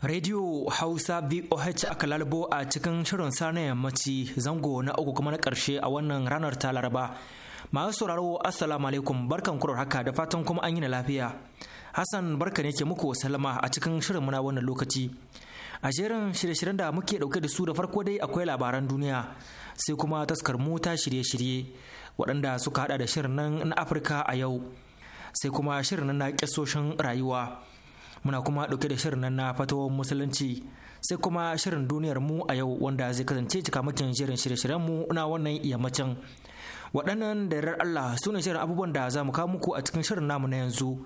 Radio Hausa VOH aka lalbo a cikin shirin sana yammaci zango na uku kuma na ƙarshe a wannan ranar ta Laraba. Masu sauraro Assalamu alaikum barkan kurar haka da fatan kuma an yi na lafiya. Hassan barka ne ke muku salama a cikin shirin muna wannan lokaci. A jerin shirye-shiryen da muke dauke da su da farko dai akwai labaran duniya sai kuma taskar mota shirye-shirye waɗanda suka haɗa da shirin nan na Afirka a yau sai kuma shirin na ƙasoshin rayuwa. muna kuma ɗauke da shirin nan na fatawar musulunci sai kuma shirin duniyar mu a yau wanda zai kasance cikamakin shirin shirye-shiryen mu na wannan yammacin waɗannan da yarar Allah su ne shirin abubuwan da za mu kawo muku a cikin shirin namu na yanzu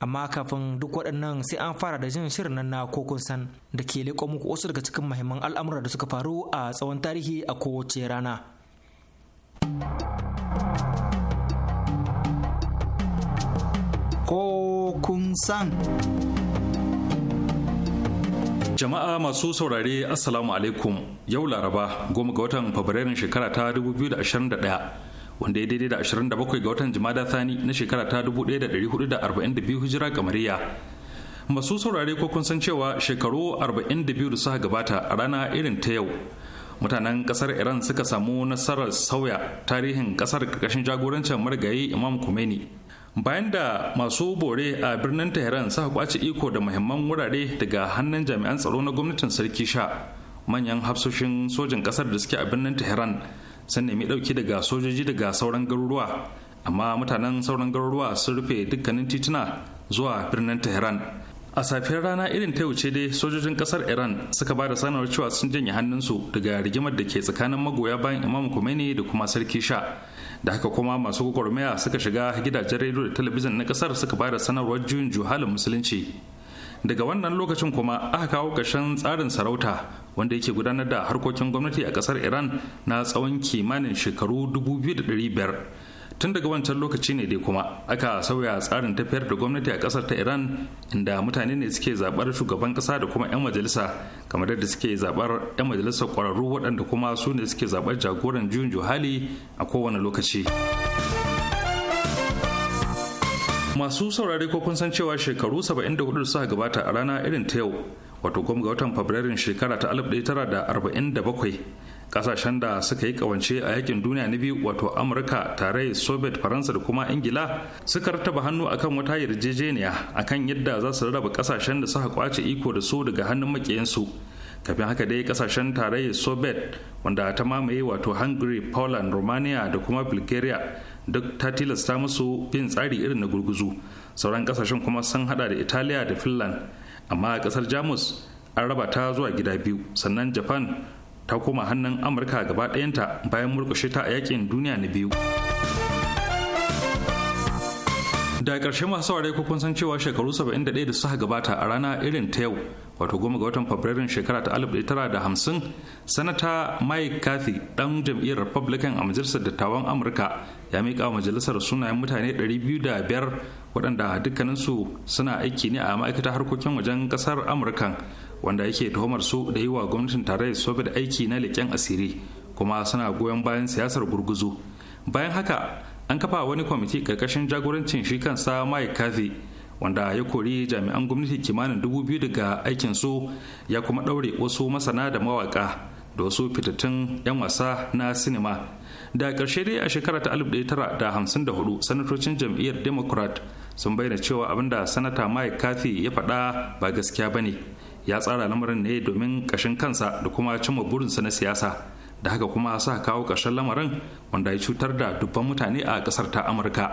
amma kafin duk waɗannan sai an fara da jin shirin nan na kokun san da ke leƙo muku wasu daga cikin mahimman al'amura da suka faru a tsawon tarihi a kowace rana. Kokun san. Jama'a masu saurare Assalamu alaikum yau Laraba goma ga watan Fabrairun shekara ta 2021 wanda ya daidai da 27 ga watan Jumada Thani na shekara ta 1442 hijira kamariya. Masu saurare ko kun san cewa shekaru 42 da suka gabata a rana irin ta yau. Mutanen kasar Iran suka samu nasarar sauya tarihin kasar karkashin jagorancin marigayi Imam Khomeini bayan da masu bore a birnin tehran suka kwace iko da muhimman wurare daga hannun jami'an tsaro na gwamnatin sarki sha manyan hafsoshin sojin kasar da suke a birnin tehran sun nemi dauki daga sojoji daga sauran garuruwa amma mutanen sauran garuruwa sun rufe dukkanin tituna zuwa birnin tehran a safiyar rana irin ta wuce dai sojojin kasar iran suka ba da sanarwar cewa sun janye hannunsu daga rigimar da ke tsakanin magoya bayan imam khomeini da kuma sarki sha da haka kuma masu gwagwarmaya suka shiga gidajen rediyo da talabijin na kasar suka bada sanarwar juyin juhalin musulunci daga wannan lokacin kuma aka kawo ƙarshen tsarin sarauta wanda yake gudanar da harkokin gwamnati a kasar iran na tsawon kimanin shekaru 2500 tun daga wancan lokaci ne dai kuma aka sauya tsarin tafiyar da gwamnati a kasar ta iran inda mutane ne suke zabar shugaban kasa da kuma 'yan majalisa kamar yadda suke zabar 'yan majalisar kwararru waɗanda kuma su ne suke zabar jagoran juyin juhali a kowane lokaci masu saurari ko kun san cewa shekaru 74 suka gabata a rana irin ta yau wato goma ga watan fabrairun shekara ta 1947 kasashen da suka yi kawance a yakin duniya na biyu wato amurka tare soviet faransa da kuma ingila suka rataba hannu akan wata yarjejeniya akan yadda za su raba kasashen da suka kwace iko da su daga hannun makiyansu kafin haka dai kasashen tarayyar soviet wanda ta mamaye wato hungary poland romania da kuma bulgaria duk ta tilasta musu bin tsari irin na gurguzu sauran kasashen kuma sun hada da italiya da finland amma kasar jamus an raba ta zuwa gida biyu sannan japan ta koma hannun amurka gaba ɗayanta bayan murkushe ta a yakin duniya na biyu da ƙarshe masu saurare ko kun san cewa shekaru 71 da suka gabata a rana irin ta yau wato goma ga watan fabrairun shekara ta hamsin sanata mike ɗan dan jam'iyyar republican a majalisar dattawan amurka ya miƙa majalisar sunayen mutane 205 waɗanda dukkaninsu suna aiki ne a ma'aikatar harkokin wajen ƙasar amurkan wanda yake tuhumar su da yi wa gwamnatin tarayyar soviet aiki na leƙen asiri kuma suna goyon bayan siyasar gurguzu bayan haka an kafa wani kwamiti ƙarƙashin jagorancin shi kansa mike kathy wanda ya kori jami'an gwamnati kimanin dubu biyu daga aikin su ya kuma ɗaure wasu masana da mawaka da wasu fitattun 'yan wasa na sinima da karshe dai a shekara ta da hudu sanatocin jam'iyyar democrat sun bayyana cewa abinda sanata mike kathy ya faɗa ba gaskiya ba ne ya tsara lamarin ne domin kashin kansa da kuma cimma burinsa na siyasa da haka kuma sa kawo ƙarshen lamarin wanda ya cutar da dubban mutane a ƙasar ta amurka.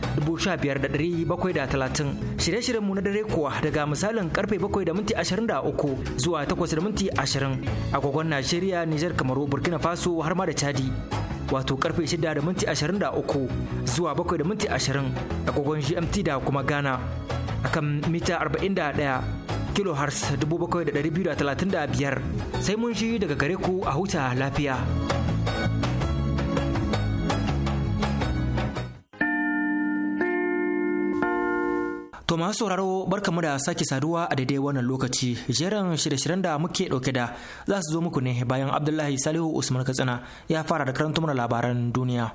talatin shirye-shiryen mu na dare kuwa daga misalin karfe bakwai da minti uku zuwa takwas da minti agogon Najeriya, Nijar, Kamaru, Burkina Faso har ma da Chadi. Wato karfe shida da minti uku zuwa bakwai da minti agogon GMT da kuma Ghana. Akan mita 41 kilohertz biyar sai mun shi daga gare ku a huta lafiya. To masu sauraro mu da sake saduwa a daidai wannan lokaci jerin shirye-shiryen da muke dauke da za su zo muku ne bayan Abdullahi Salihu Usman Katsina ya fara da karanta mana labaran duniya.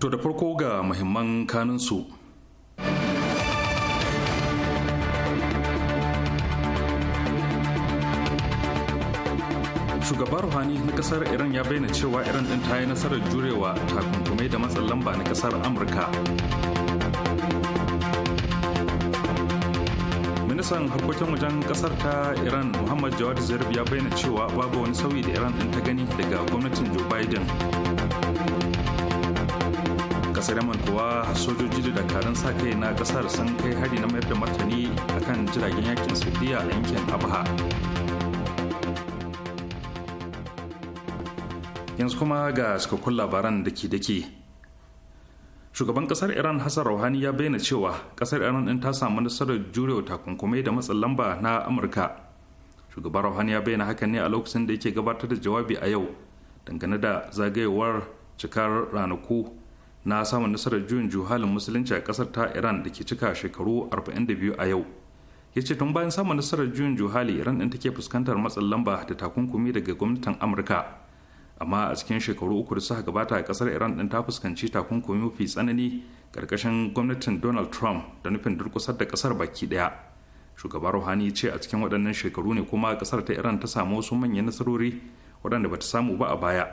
To da farko ga muhimman kanunsu. su shugaba ruhani na kasar iran ya bayyana cewa iran din ta yi nasarar jurewa takunkumai da matsan lamba na kasar amurka ministan harkokin wajen kasar ta iran muhammad jawad zarif ya bayyana cewa babu wani sauyi da iran din ta gani daga gwamnatin joe biden kasar yaman kuwa sojoji da dakarun sa kai na kasar sun kai hari na mayar da martani akan jiragen yakin saudiya a yankin abuha. yanzu kuma ga cikakkun labaran da ke dake shugaban kasar iran hassan rouhani ya bayyana cewa kasar iran din ta samu nasarar jurewa takunkumai da matsin lamba na amurka shugaban rouhani ya bayyana hakan ne a lokacin da yake gabatar da jawabi a yau dangane da zagayewar cikar ranaku na samun nasarar juyin juhalin musulunci a kasar ta iran da ke cika shekaru 42 a yau ya ce tun bayan samun nasarar juyin juhali iran din take fuskantar matsin lamba da takunkumi daga gwamnatin amurka amma a cikin shekaru uku da suka gabata a kasar iran din ta fuskanci takunkumi mafi tsanani karkashin gwamnatin donald trump da nufin durkusar da kasar baki daya shugaba ruhani ce a cikin waɗannan shekaru ne kuma kasar ta iran ta samu wasu manyan nasarori waɗanda bata samu ba a baya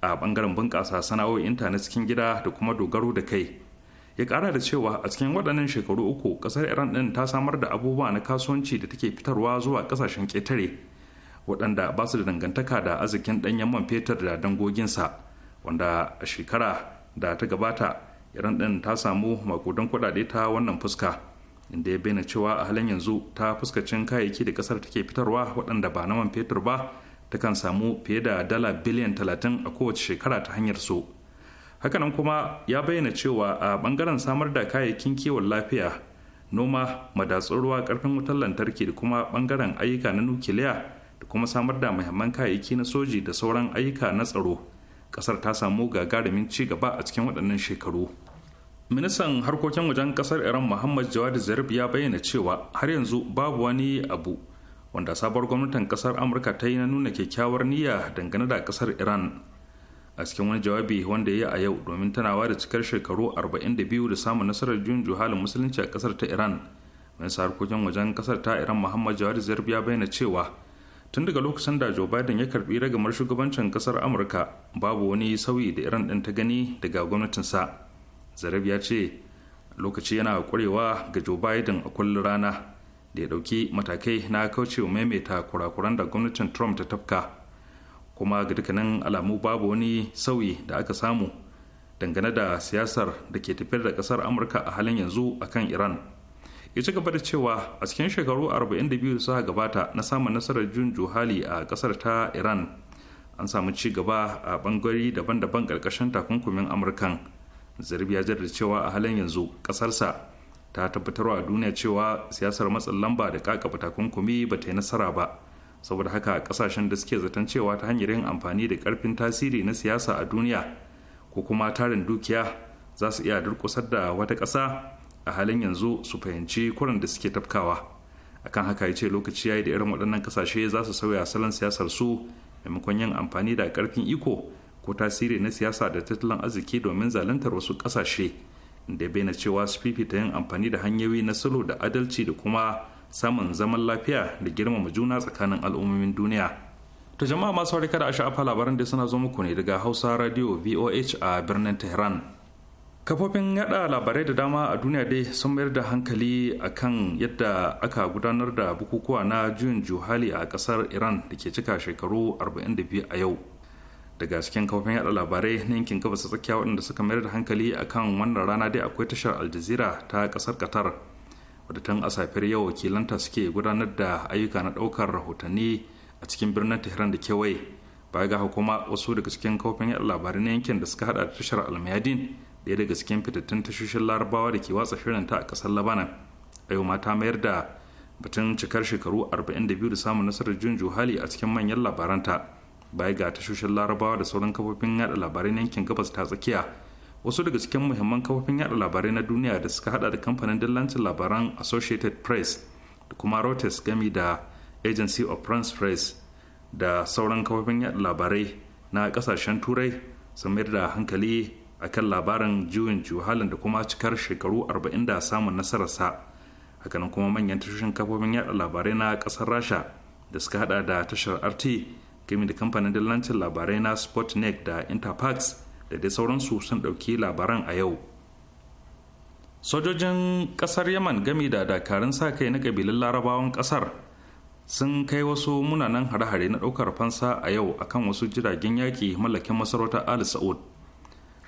a ɓangaren bunƙasa ta na cikin gida da kuma dogaro da kai ya ƙara da cewa a cikin waɗannan shekaru uku kasar iran din ta samar da abubuwa na kasuwanci da take fitarwa zuwa ƙasashen ƙetare waɗanda ba su da dangantaka da arzikin ɗanyen man fetur da dangoginsa wanda a shekara da ta gabata iran ɗin ta samu makudan kuɗaɗe ta wannan fuska inda ya bayyana cewa a halin yanzu ta fuskacin kayayyaki da ƙasar take fitarwa waɗanda ba na man fetur ba ta kan samu fiye da dala biliyan talatin a kowace shekara ta hanyar su hakanan kuma ya bayyana cewa a bangaren samar da kayayyakin kiwon lafiya noma madatsun ruwa karfin wutar lantarki da kuma bangaren ayyuka na nukiliya da kuma samar da muhimman kayayyaki na soji da sauran ayyuka na tsaro kasar ta samu gagarumin ci gaba a cikin waɗannan shekaru ministan harkokin wajen kasar iran muhammad jawad zarif ya bayyana cewa har yanzu babu wani abu wanda sabuwar gwamnatin kasar amurka ta yi na nuna kyakkyawar niyya dangane da kasar iran a cikin wani jawabi wanda ya yi a yau domin tanawa da cikar shekaru 42 da samun nasarar juyin juhalin musulunci a kasar ta iran ministan harkokin wajen kasar ta iran muhammad jawad zarif ya bayyana cewa tun daga lokacin da joe biden ya karbi ragamar shugabancin kasar amurka babu wani sauyi da iran ɗin ta gani daga gwamnatinsa zarab ya ce lokaci yana ƙwarewa ga joe biden a kullum rana da ya ɗauki matakai na kaucewa maimaita kurakuran da gwamnatin trump ta tafka kuma ga dukkanin alamu babu wani sauyi da aka samu dangane da siyasar da ke tafiyar da kasar amurka a halin yanzu akan iran ya ci gaba da cewa a cikin shekaru 42 da suka gabata na samun nasarar jun juhali a kasar ta iran an samu ci gaba a bangare daban-daban karkashin takunkumin amurkan zarbi ya da cewa a halin yanzu kasarsa ta tabbatarwa a duniya cewa siyasar matsin lamba da kakaba takunkumi ba ta yi nasara ba saboda haka kasashen da suke zaton cewa ta hanyar yin amfani da karfin tasiri na siyasa a duniya ko kuma tarin dukiya za su iya durkusar da wata ƙasa a halin yanzu su fahimci kuran da suke tafkawa akan haka ya ce lokaci ya yi da irin waɗannan ƙasashe za su sauya salon siyasar su maimakon yin amfani da ƙarfin iko ko tasiri na siyasa da tattalin arziki domin zaluntar wasu ƙasashe da bayyana cewa su fifita yin amfani da hanyoyi na salo da adalci da kuma samun zaman lafiya da girmama juna tsakanin al'ummomin duniya. ta jama'a masu kada a sha'afa labaran da suna zo muku ne daga Hausa Radio VOH a birnin Tehran. kafofin yada labarai da dama a duniya dai sun mayar da hankali akan yadda aka gudanar da bukukuwa na juyin juhali a kasar iran da ke cika shekaru 42 a yau daga cikin kafofin yada labarai na yankin gabas tsakiya waɗanda suka mayar da hankali akan wannan rana dai akwai tashar aljazira ta kasar qatar wadda a safiyar yau wakilanta suke gudanar da ayyuka na ɗaukar rahotanni a cikin birnin tehran da kewaye baya ga kuma wasu daga cikin kafofin yada labarai na yankin da suka hada da tashar almayadin ɗaya daga cikin fitattun tashoshin larabawa da ke watsa shirinta a ƙasar labanan a yau mata mayar da batun cikar shekaru 42 da samun nasarar jun juhali a cikin manyan labaranta baya ga tashoshin larabawa da sauran kafofin yada labarai na yankin gabas ta tsakiya wasu daga cikin muhimman kafofin yada labarai na duniya da suka hada da kamfanin dillancin labaran associated press da kuma reuters gami da agency of france press da sauran kafofin yada labarai na kasashen turai sun mayar da hankali a kan labarin juyin juhalin da kuma cikar shekaru 40 da samun nasararsa hakanan kuma manyan tashoshin kafofin yada labarai na kasar rasha da suka hada da tashar rt game da kamfanin dillancin labarai na sportnet da interfax da dai sauransu sun ɗauki labaran a yau sojojin kasar yaman gami da dakarun sa kai na kabilun larabawan kasar sun kai wasu munanan hare-hare na ɗaukar fansa a yau akan wasu jiragen yaki mallakin masarautar al sa'ud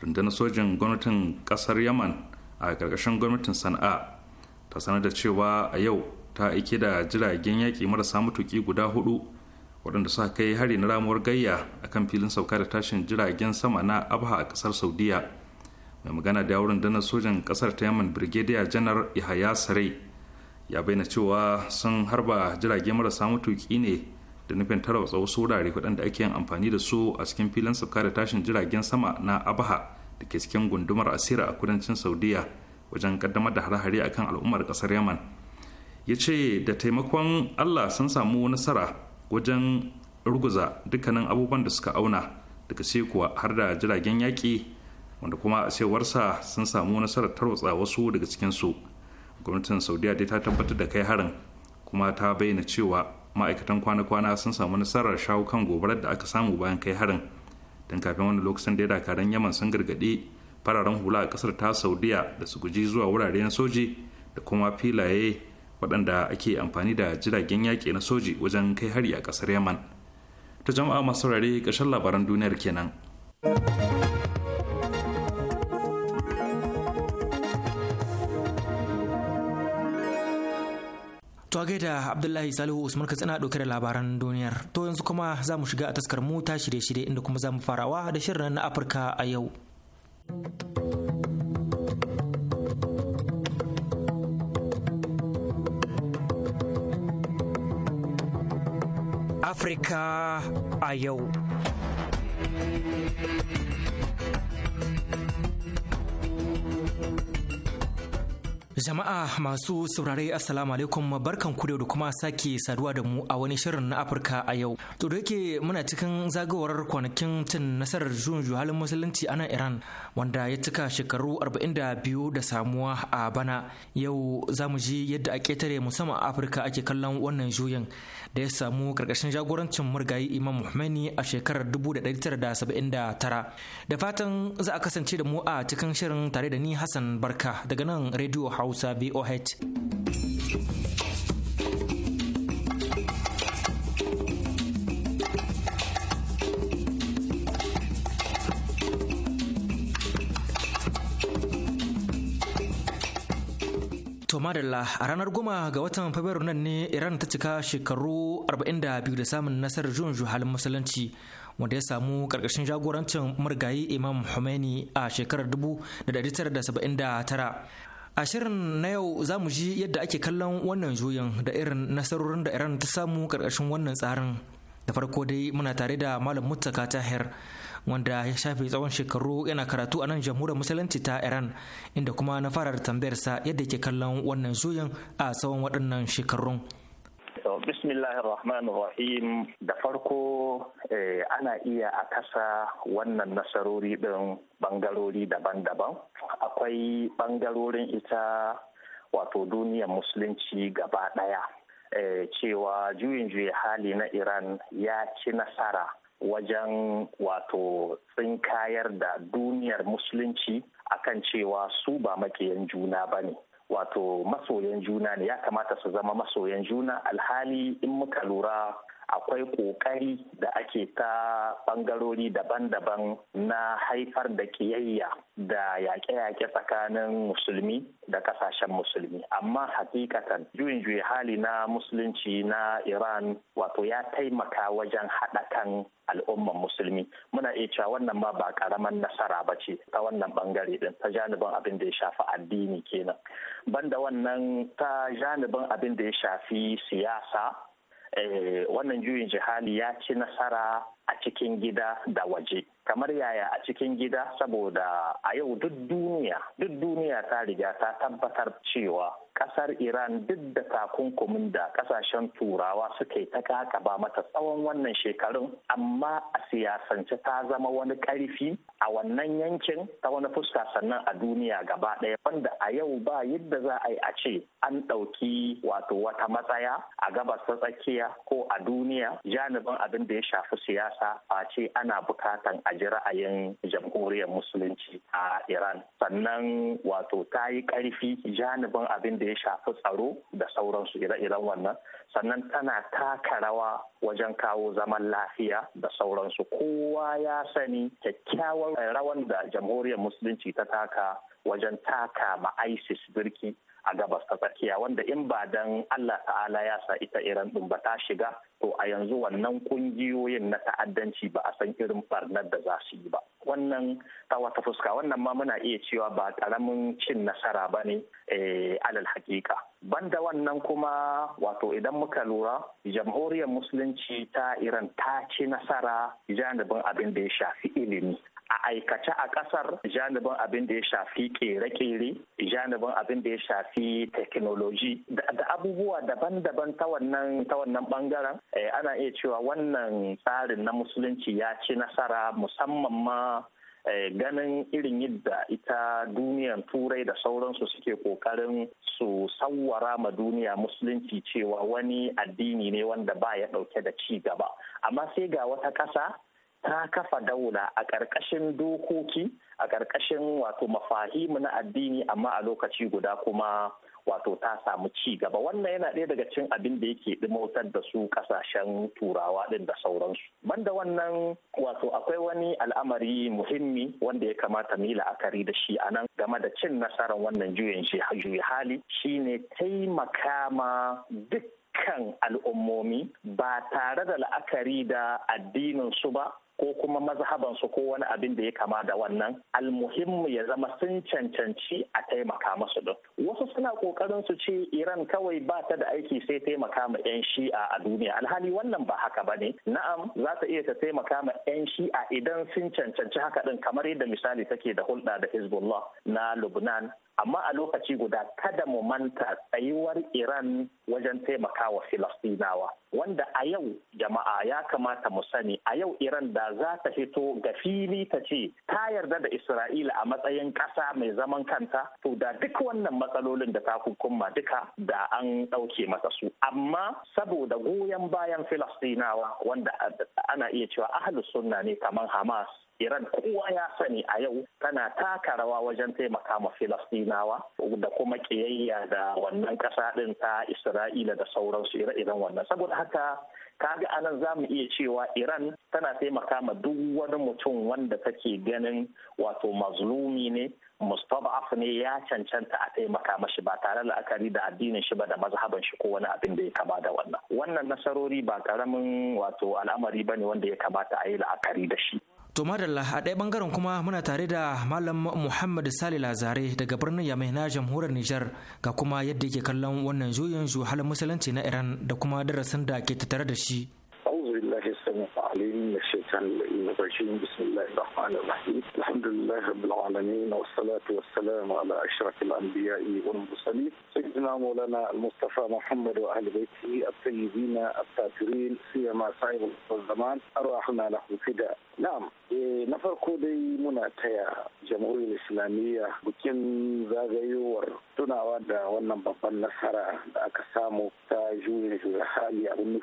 rundunar sojin gwamnatin kasar yaman a ƙarƙashin gwamnatin sana'a ta sanar da cewa a yau ta aike da jiragen yaƙi marasa matuƙi guda hudu waɗanda suka kai hari na ramuwar gayya a kan filin sauka da tashin jiragen sama na abha a ƙasar saudiya mai magana da yawon rundunar sojan ƙasar ta yaman birgidiya janar yahaya sarai ya bayyana cewa sun harba jirage marasa matuƙi ne da nufin tarwatsa wasu wurare da ake yin amfani da su a cikin filin sauka da tashin jiragen sama na abaha da ke cikin gundumar asira a kudancin saudiya wajen kaddamar da hare-hare kan al'ummar kasar yaman ya ce da taimakon allah sun samu nasara wajen ruguza dukkanin abubuwan da suka auna daga sai kuwa har da jiragen yaƙi wanda kuma a cewarsa sun samu nasarar tarwatsa wasu daga cikinsu gwamnatin saudiya dai ta tabbatar da kai harin kuma ta bayyana cewa ma'aikatan kwana-kwana sun samu nasarar shawo kan gobarar da aka samu bayan kai harin don kafin wani lokacin da ya dakaran yaman sun gargaɗi fararen hula a ƙasar ta saudiya da su guji zuwa wuraren soji da kuma filaye waɗanda ake amfani da jiragen yaƙi na soji wajen kai hari a ƙasar yaman ta jama'a masu saurare ƙarshen labaran duniyar kenan. To a gaida Abdullahi Salihu Usman Katsina ɗauke da labaran duniyar. To yanzu kuma za mu shiga a taskar mu ta shirye-shirye inda kuma za mu farawa da shirin na Afirka a yau. Afirka a yau. Jama'a masu saurare Assalamu alaikum barkan ku da kuma sake saduwa da mu a wani shirin na Afirka a yau. To da yake muna cikin zagawar kwanakin cin nasarar juyin juhalin musulunci a nan Iran wanda ya cika shekaru 42 da samuwa a bana. Yau za mu ji yadda a ketare musamman a Afirka ake kallon wannan juyin da ya samu karkashin jagorancin murgayi Imam Muhammadi a shekarar 1979. Da fatan za a kasance da mu a cikin shirin tare da ni Hassan Barka daga nan Radio hausa voh madalla a ranar goma ga watan fabrairu nan ne iran ta cika shekaru 42 da samun nasarar juyin juhalin musulunci wanda ya samu karkashin jagorancin murgayi imam khomeini a shekarar 1979 a shirin na yau za mu ji yadda ake kallon wannan juyin da irin nasarorin da iran ta samu karkashin wannan tsarin da farko dai muna tare da malam ta tahir wanda ya shafe tsawon shekaru yana karatu a nan jamhuriyar musulunci ta iran inda kuma na fara tambayarsa yadda ke kallon wannan juyin a tsawon waɗannan shekarun to bismillahir rahim da farko eh, ana iya a kasa wannan nasarori ɗin bangarori daban-daban akwai bangarorin ita wato duniyar musulunci gaba daya eh, cewa juyin juya hali na iran ya ci nasara wajen wato tsinkayar da duniyar musulunci akan cewa su ba makiyan juna ba ne wato masoyan juna ne ya kamata su zama masoyan juna alhali in muka lura akwai kokari da ake ta bangarori daban-daban na haifar da kiyayya da yaƙe-yaƙe tsakanin musulmi da ƙasashen musulmi amma hakikatan juyin juyi hali na musulunci na iran wato ya taimaka wajen haɗa kan al'umman musulmi muna iya cewa wannan ma ba karaman nasara ba ce ta wannan bangare din ta janibin abin da ya shafi addini kenan banda wannan ta janibin abin da ya shafi siyasa Eh, wannan juyin jihali ya ci nasara a cikin gida da waje kamar yaya a cikin gida saboda a yau duk duniya duk duniya ta riga ta tabbatar cewa kasar iran duk da takunkumin da kasashen turawa suka yi ta kakaba mata tsawon wannan shekarun amma a siyasance ta zama wani karfi a wannan yankin ta wani fuska sannan a duniya gaba ɗaya wanda a yau ba yadda za a yi a ce an ɗauki wato wata matsaya a gabas ta tsakiya ko a duniya janibin abin da ya shafi siyasa ƙasa ce ana bukatan a ji ra'ayin jamhuriyar musulunci a Iran. Sannan wato ta yi ƙarfi janibin abin da ya shafi tsaro da sauransu ire-iren wannan. Sannan tana taka rawa wajen kawo zaman lafiya da sauransu. Kowa ya sani kyakkyawar rawan da jamhuriyar musulunci ta taka wajen taka ma ISIS birki a gabas ta tsakiya wanda in ba dan Allah ta'ala ya sa ita irin din ba ta shiga to a yanzu wannan kungiyoyin na ta'addanci ba a san irin barnar da za su yi ba wannan ta wata fuska wannan ma muna iya cewa ba karamin cin nasara ba ne eh, alal hakika banda wannan kuma wato idan muka lura jamhuriyar musulunci ta iran ta ci nasara janibin abin da ya shafi ilimi a aikace a kasar janibin abin da ya shafi kere-kere janibin abin da ya shafi teknoloji da abubuwa daban-daban ta wannan bangaren eh, ana iya cewa wannan tsarin na musulunci ya ci nasara musamman ma eh, ganin irin yadda ita duniyar turai da sauransu suke kokarin su sauwara ma duniya musulunci cewa wani addini ne wanda ba ya dauke da ci gaba amma sai ga wata ƙasa ta kafa daula a ƙarƙashin dokoki a ƙarƙashin wato mafahimu na addini amma a lokaci guda kuma wato ta samu ci gaba wannan yana ɗaya daga cin abin da yake ɗimautar da su ƙasashen turawa ɗin da sauransu banda wannan wato akwai wani al'amari muhimmi wanda ya kamata mu yi la'akari da shi a nan game da cin nasarar wannan juyin juyi hali shine taimaka ma duk al'ummomi ba tare da la'akari da addinin su ba ko kuma mazhabansu ko wani abin da ya kama da wannan almuhimmu ya zama sun cancanci a taimaka masu din wasu suna kokarin su ce iran kawai ba ta da aiki sai taimaka ma yan shi'a a duniya alhali wannan ba haka ba ne na'am za ta iya ta taimaka ma yan shi'a idan sun cancanci haka din kamar yadda misali take da hulɗa da hezbollah na lubnan amma a lokaci guda kada mu manta tsayuwar iran wajen taimakawa filastinawa wanda a yau jama'a ya kamata mu sani a yau iran da za ta fito ga fili ta ce ta yarda da isra'ila a matsayin ƙasa mai zaman kanta to da duk wannan matsalolin da ta hukumma duka da an ɗauke masa su amma saboda goyon bayan filastinawa wanda ana iya cewa ahlus sunna ne kamar hamas Iran kowa ya sani a yau tana taka rawa wajen taimaka ma Filastinawa da kuma kiyayya da wannan kasa ɗin ta Isra'ila da sauransu ire-iren wannan. Saboda haka kaga anan za mu iya cewa Iran tana taimaka ma duk wani mutum wanda take ganin wato mazlumi ne mustad'af ne ya cancanta a taimaka mashi ba tare da la'akari da addinin shi ba da mazhaban shi ko wani abin da ya kama da wannan wannan nasarori ba karamin wato al'amari bane wanda ya kamata a yi la'akari da shi To madalla a ɗaya ɓangaren kuma muna tare da Malam Muhammad Sale Lazare daga birnin Yamai na jamhuriyar Nijar ga kuma yadda yake kallon wannan juyin halin musulunci na Iran da kuma darasin da ke tattare da shi. الإنسان المباشرين بسم الله الرحمن الرحيم الحمد لله رب العالمين والصلاة والسلام على أشرف الأنبياء والمرسلين سيدنا مولانا المصطفى محمد وأهل بيته الطيبين الطاهرين سيما صاحب الزمان أرواحنا له فداء نعم na farko مناتيا muna الإسلامية jamhuriyar islamiyya bikin zagayowar tunawa da wannan أكسامو nasara da حالي samu ta juya juya hali abin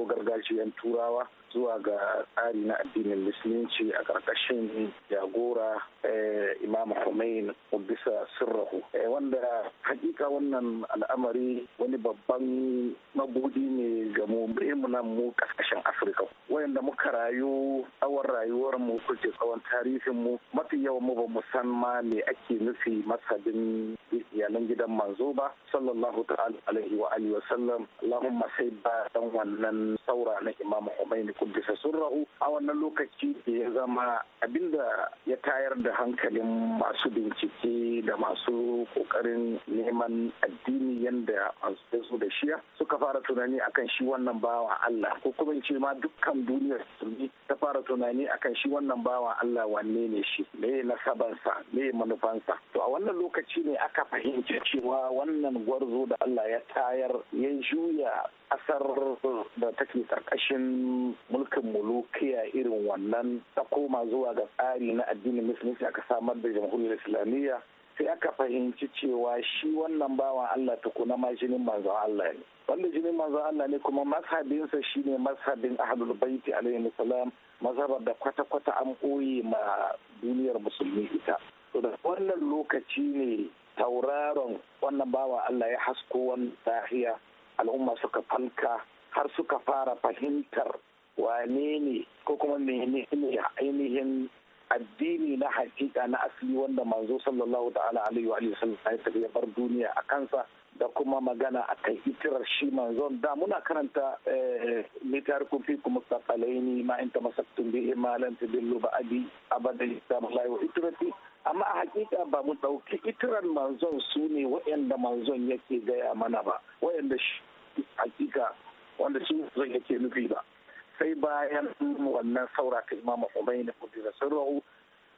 ko gargajiyan turawa zuwa ga tsari na addinin musulunci a ƙarƙashin jagora eh, imam Khomein bisa sirrahu eh, wanda hakika wannan al'amari wani babban mabudi ne ga mu nan mu ƙasashen afirka wayanda muka rayu awar rayuwar mu kuke tsawon tarihin mu mafi yawan mu ba mu san ma me ake nufi masabin iyalan gidan manzo ba sallallahu ta'ala alaihi wa alihi wa sallam allahumma sai ba dan wannan saura na imam Khomein kuddisa surrahu a wannan lokaci ya zama abinda ya tayar da hankalin masu bincike da masu kokarin neman addini yadda masu da shiya suka fara tunani akan shi wannan bawa Allah ko kuma ce ma dukkan duniyar musulmi ta fara tunani akan shi wannan bawa Allah wanne ne shi me nasabansa me manufansa to a wannan lokaci ne aka fahimci cewa wannan gwarzo da Allah ya tayar ya juya asar da take karkashin mulkin mulukiya irin wannan ta koma zuwa ga tsari na addinin musulunci aka samar da jamhuriyar islamiyya sai aka fahimci cewa shi wannan bawan Allah tukuna ma jinin manzon Allah ne wanda jinin manzon Allah ne kuma mazhabinsa shine mazhabin ahlul baiti alaihi salam mazhabar da kwata-kwata an koyi ma duniyar musulmi ita to da wannan lokaci ne tauraron wannan bawan Allah ya hasko wannan al'umma suka falka har suka fara fahimtar wane ne ko kuma ainihin addini na hakika na asali wanda manzo sallallahu ta'ala alaihi wa sallam ya bar duniya a kansa da kuma magana a kan itirar shi manzon da muna karanta mitar eh, kufi kuma tsakalaini ma in ta masaktun bi imalan ta dillu ba abi abada islamullahi wa itirati amma a hakika ba mu ɗauki itirar manzon su ne wa'anda manzon yake gaya mana ba wa'anda shi hakika wanda shi manzon yake nufi ba sai bayan wannan saura ta imamu Khomeini kudira sirrahu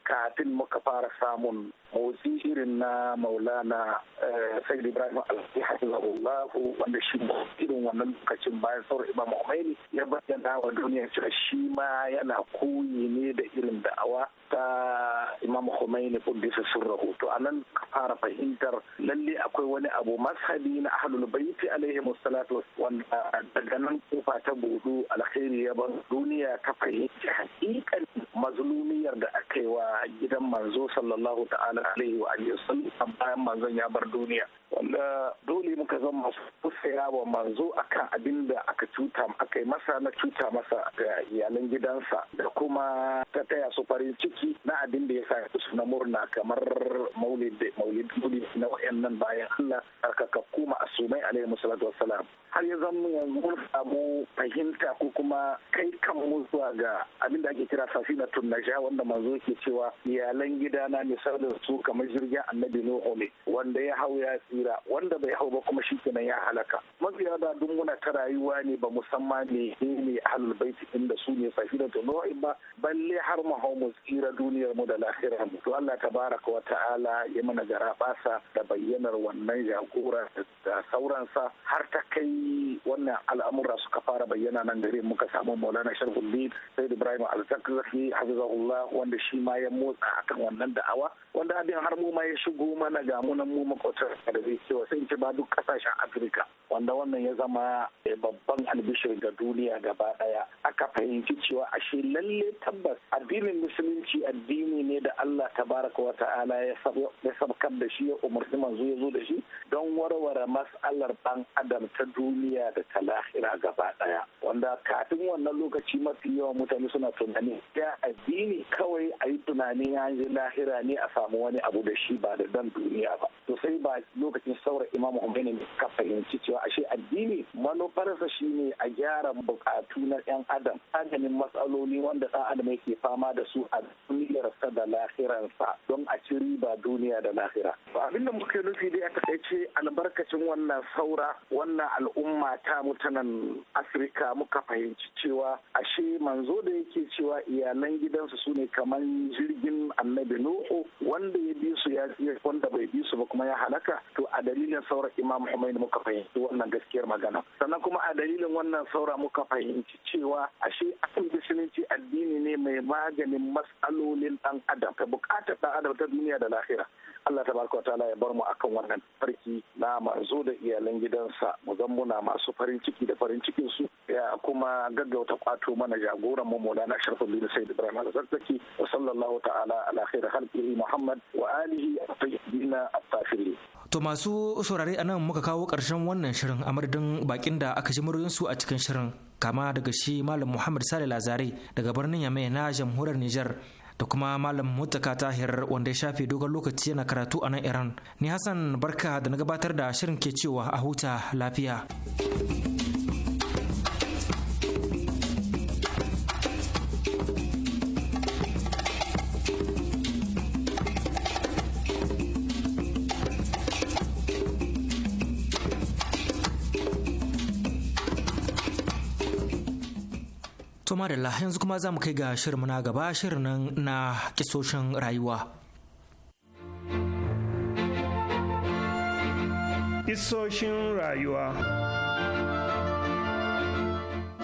kafin muka fara samun motsi irin na maulana eh, sayyid ibrahim al hafizahullah wanda shi irin wannan lokacin bayan sauran imam umaini ya bayyana wa duniya cewa shi ma yana koyi ne da irin da'awa ta imam khomeini kudisa sun rahoto a nan fara fahimtar lalle akwai wani abu mashabi na ahlul baiti alaihi musallatu wanda daga nan kofa ta budu alkhairi ya ban duniya ta fahimci hakikan mazlumiyar da aka yi wa gidan manzo sallallahu ta'ala alaihi wa alihi wasallam bayan manzon ya bar duniya wanda dole muka zama masu kusaya wa manzo akan abin da aka cuta aka yi masa na cuta masa ga iyalan gidansa da kuma ta taya su farin ciki na abin da ya sa su na murna kamar maulidi maulidi na wayannan bayan Allah tsarkakakku ma'asumai alaihi musallatu wassalam har ya zama yanzu mun samu fahimta ko kuma kai kan mu zuwa ga abin da ake kira safina tunnaja wanda manzo ke cewa iyalan gidana misalin su kamar jirgin annabi Nuhu ne wanda ya hau ya tsira wanda bai hau ba kuma shi kenan ya halaka mafiya da muna ta rayuwa ne ba musamman ne ne ahlul baiti inda su ne safira da nau'in ba balle har mu hau mu tsira duniyar mu da lahira mu to Allah tabaraka wa ta'ala ya mana gara basa da bayyanar wannan jagora da sauransa har ta kai wannan al'amura suka fara bayyana nan gare muka samu Maulana Sharfuddin sayyid Ibrahim Al-Zakzaki hafizahullah wanda shi ma ya motsa akan wannan da'awa wanda abin har mu ma ya shigo mana ga munan mu makwata da zai cewa sun ba duk kasashen afirka wanda wannan ya zama eh, babban albishir ga duniya gaba daya aka fahimci cewa ashe lalle tabbas addinin musulunci addini ne da Allah tabaraka wa ta'ala ya sabkar da shi ya umarci manzo ya zo da shi don warware mas'alar ban adam ta duniya da ta lahira gaba daya wanda kafin wannan lokaci mafi yawan mutane suna tunani ya addini kawai a yi tunani ya yi lahira ne a samu wani abu da shi ba da dan duniya ba to sai ba lokacin saura imamu Khomeini ka fahimci cewa ashe addini manufarsa shine a gyara bukatu na yan adam maganin matsaloli wanda ɗan adam yake fama da su a duniyarsa da lahiransa don a ci riba duniya da lahira abin da muke nufi dai a takaice albarkacin wannan saura wannan al'umma ta mutanen afirka muka fahimci cewa ashe manzo da yake cewa iyalan gidansu su ne kamar jirgin annabi nuhu wanda ya bi su ya wanda bai bi su ba kuma ya halaka to a dalilin saura imam muhammadu muka fahimci wannan gaskiyar magana sannan kuma a dalilin wannan saura muka fahimci cewa ashe asin musulunci addini ne mai maganin matsalolin dan adam ta bukatar dan adam ta duniya da lahira Allah ta baraka ta'ala ya bar mu akan wannan farki na manzo da iyalan gidansa mu zan muna masu farin ciki da farin cikin su ya kuma gaggauta kwato mana jagoran mu Maulana Sharfuddin Sayyid Ibrahim Al-Zazzaki wa sallallahu ta'ala ala khair khalqihi Muhammad wa alihi at-tayyibin at-tahirin To masu saurare anan muka kawo ƙarshen wannan shirin a madadin bakin da aka ji su a cikin shirin kama daga shi Malam Muhammad Sale Lazare daga birnin Yamai na jamhuriyar Nijar da kuma Malam Mutaka Tahir wanda ya shafe dogon lokaci yana karatu a nan Iran. Ni Hassan Barka da na gabatar da shirin ke cewa a huta lafiya. To madalla yanzu kuma za mu kai ga shirin na gaba shirin na kisoshin rayuwa. Kisoshin rayuwa.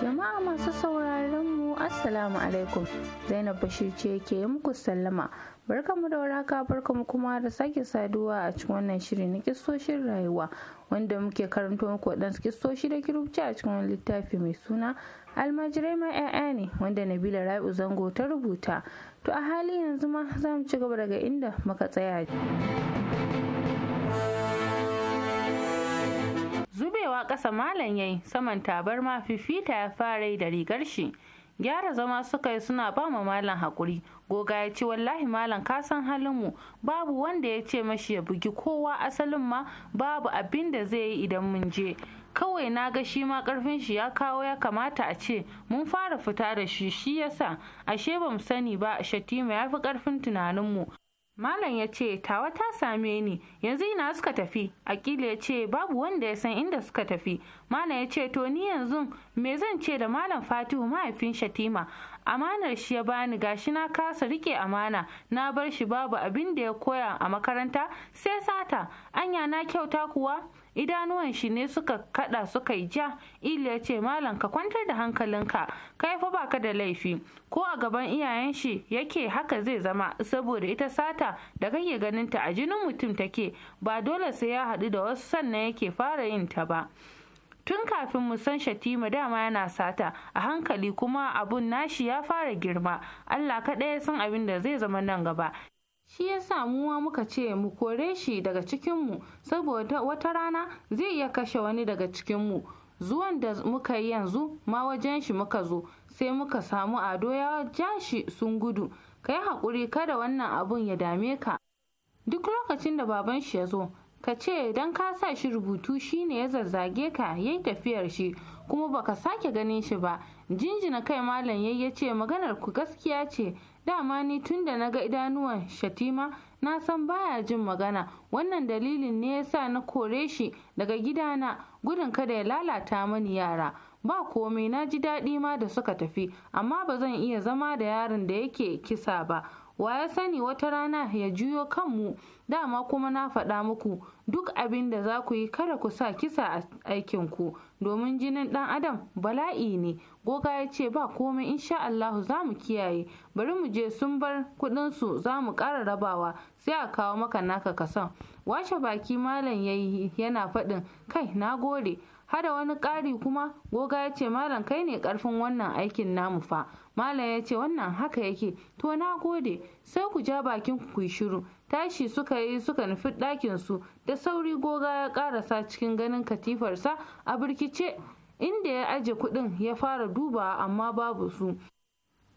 Jama'a masu sauraron mu Assalamu alaikum Zainab Bashir ce ke muku sallama. Barkamu da waraka barkamu kuma da sake saduwa a cikin wannan shiri na kisoshin rayuwa wanda muke karanto muku waɗansu kistoshi da kirubci a cikin wani littafi mai suna almajirai ma 'ya'ya ne wanda nabila rabi zango ta rubuta to a hali yanzu ma za mu ci gaba daga inda muka tsaya zubewa ƙasa malam yayi saman tabar ma fifita ya fara da rigar shi gyara zama suka yi suna ba ma malam haƙuri goga ya ce wallahi malam ka san mu babu wanda ya ce mashi ya bugi kowa asalin ma babu abin da zai yi idan mun je kawai na ga shi ma karfin shi ya kawo ya kamata a ce mun fara fita da shi shi yasa ashe bamu sani ba shatima ya fi karfin tunaninmu Malam ya ce, Tawa ta same ni, yanzu ina suka tafi. Akila ya ce, Babu wanda ya san inda suka tafi. Malam ya ce, To ni yanzu me zan ce da Malam Fatihu mahaifin Shatima? Amanar shi ya bani gashi na kasa rike amana, na bar shi babu abin da ya koya a makaranta, sai sata, anya na kyauta kuwa? idanuwan shi ne suka kada suka yi ja iliya ce malam ka kwantar da hankalinka kai fa baka da laifi ko a gaban iyayen shi yake haka zai zama saboda ita sata da kake ganin ta a jinin mutum take ba dole sai ya haɗu da wasu sannan yake fara yin ta ba tun kafin mu san shatima dama yana sata a hankali kuma abun nashi ya fara girma allah kaɗai san abin da zai zama nan gaba shi yasa muwa muka ce mu kore shi daga cikinmu saboda wata rana zai iya kashe wani daga cikinmu zuwan da muka yi yanzu ma wajen shi muka zo sai muka samu ado ya ja shi sun gudu ka yi haƙuri kada wannan abun ya dame ka duk lokacin da baban shi ya zo ka ce don ka sa shi rubutu shi ne ya zazzage ka ya yi tafiyar shi kuma baka sake ganin shi ba jinjina kai malam yayi ya ce maganar ku gaskiya ce dama ni tun da naga idanuwan shatima na san baya jin magana wannan dalilin ne ya sa na kore shi daga gidana gudun kada ya lalata mani yara ba komai na ji daɗi ma da suka tafi amma ba zan iya zama da yaron da yake kisa ba wa ya sani wata rana ya juyo kanmu dama kuma na faɗa muku duk abin da za ku yi kada ku sa kisa a aikinku domin jinin ɗan adam bala'i ne goga ya ce ba komai in sha Allahu za mu kiyaye bari mu je sun bar kuɗinsu za mu ƙara rabawa sai a kawo maka naka kasan washe baki malam ya yi yana faɗin kai na gode hada wani ƙari kuma goga ya ce malam kai ne ƙarfin wannan aikin namu fa malam ya ce wannan haka yake to na gode sai ku ja bakin ku yi shiru tashi suka yi suka nufi ɗakinsu da sauri goga ya ƙarasa cikin ganin katifarsa a birkice inda ya aje kuɗin ya fara dubawa amma babu su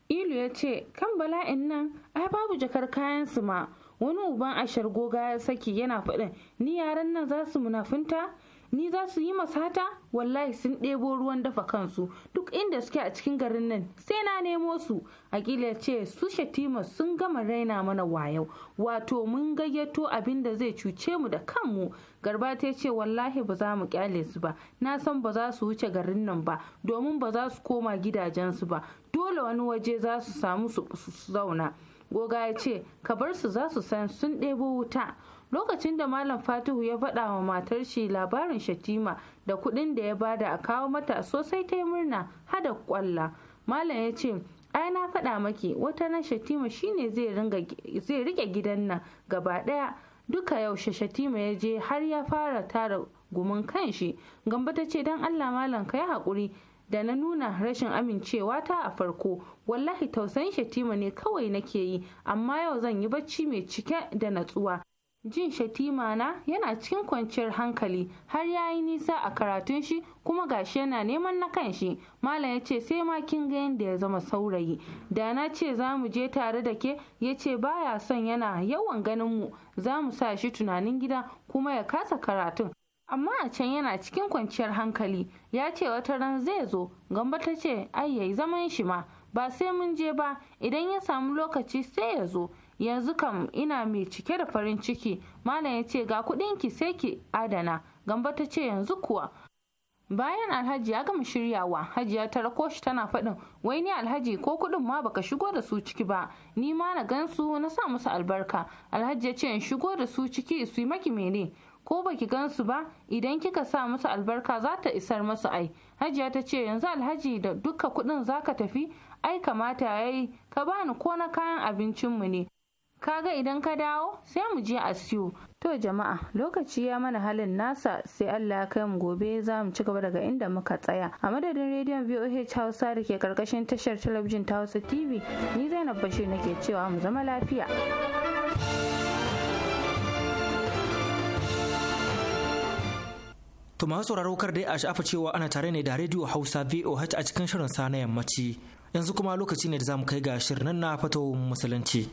ilu ya ce kan bala'in nan ai babu jakar kayansu ma wani uban ashar goga ya saki yana faɗin ni yaran nan za su munafunta ni za su yi masata wallahi sun ɗebo ruwan dafa kansu duk inda suke a cikin garin nan sai na nemo su akila ce su shatima sun gama raina mana wayau wato mun gayyato abin da zai cuce mu da kanmu garba ta ce wallahi ba za mu kyale su ba na san ba za su wuce garin nan ba domin ba za su koma gidajensu ba dole wani waje za su samu su zauna goga ya ce ka bar su za su san sun ɗebo wuta lokacin da malam fatihu ya faɗa wa matar shi labarin shatima da kuɗin da ya bada a kawo mata sosai ta murna hada kwalla malam ya ce ai na faɗa maki wata na shatima shine zai rike gidan nan gaba ɗaya duka yaushe shatima ya je har ya fara tara gumin kanshi gamba ta ce don allah malam ka yi haƙuri da na nuna rashin amincewa ta a farko wallahi tausayin shatima ne kawai nake yi amma yau zan yi bacci mai cike da natsuwa jin shatima na yana cikin kwanciyar hankali har ya yi nisa a karatun shi kuma gashi yana neman na kan shi malam ya ce sai ma kin ga yadda ya zama saurayi da na ce za mu je tare da ke ya ce baya son yana yawan ganin mu za mu sa shi tunanin gida kuma ya kasa karatun amma a can yana cikin kwanciyar hankali ya ce wata ran zai zo gamba ta ce ai yayi zaman shi ma ba sai mun je ba idan ya samu lokaci sai ya zo yanzu kam ina mai cike da farin ciki malam ya ce ga ki sai ki adana gamba ta ce yanzu kuwa bayan alhaji ya gama shiryawa hajiya ta rako shi tana faɗin wai ni alhaji ko kuɗin ma baka shigo da su ciki ba ni ma na gansu na sa musu albarka alhaji ya ce in shigo da su ciki su yi maki mene ko baki gansu ba idan kika sa musu albarka za ta isar musu ai hajiya ta ce yanzu alhaji da dukka kuɗin ka tafi ai kamata ya yi ka bani ko na kayan abincinmu ne kaga idan ka dawo sai mu je a siyo to jama'a lokaci ya mana halin nasa sai allah ya kai mu gobe za mu ci gaba daga inda muka tsaya a madadin rediyon voh hausa da ke karkashin tashar talabijin ta hausa tv ni zainab bashir nake cewa mu zama lafiya To masu sauraro kar dai a sha'afa cewa ana tare ne da rediyo Hausa VOH a cikin shirin sa na yammaci. Yanzu kuma lokaci ne da za mu kai ga shirin na fatoyin musulunci.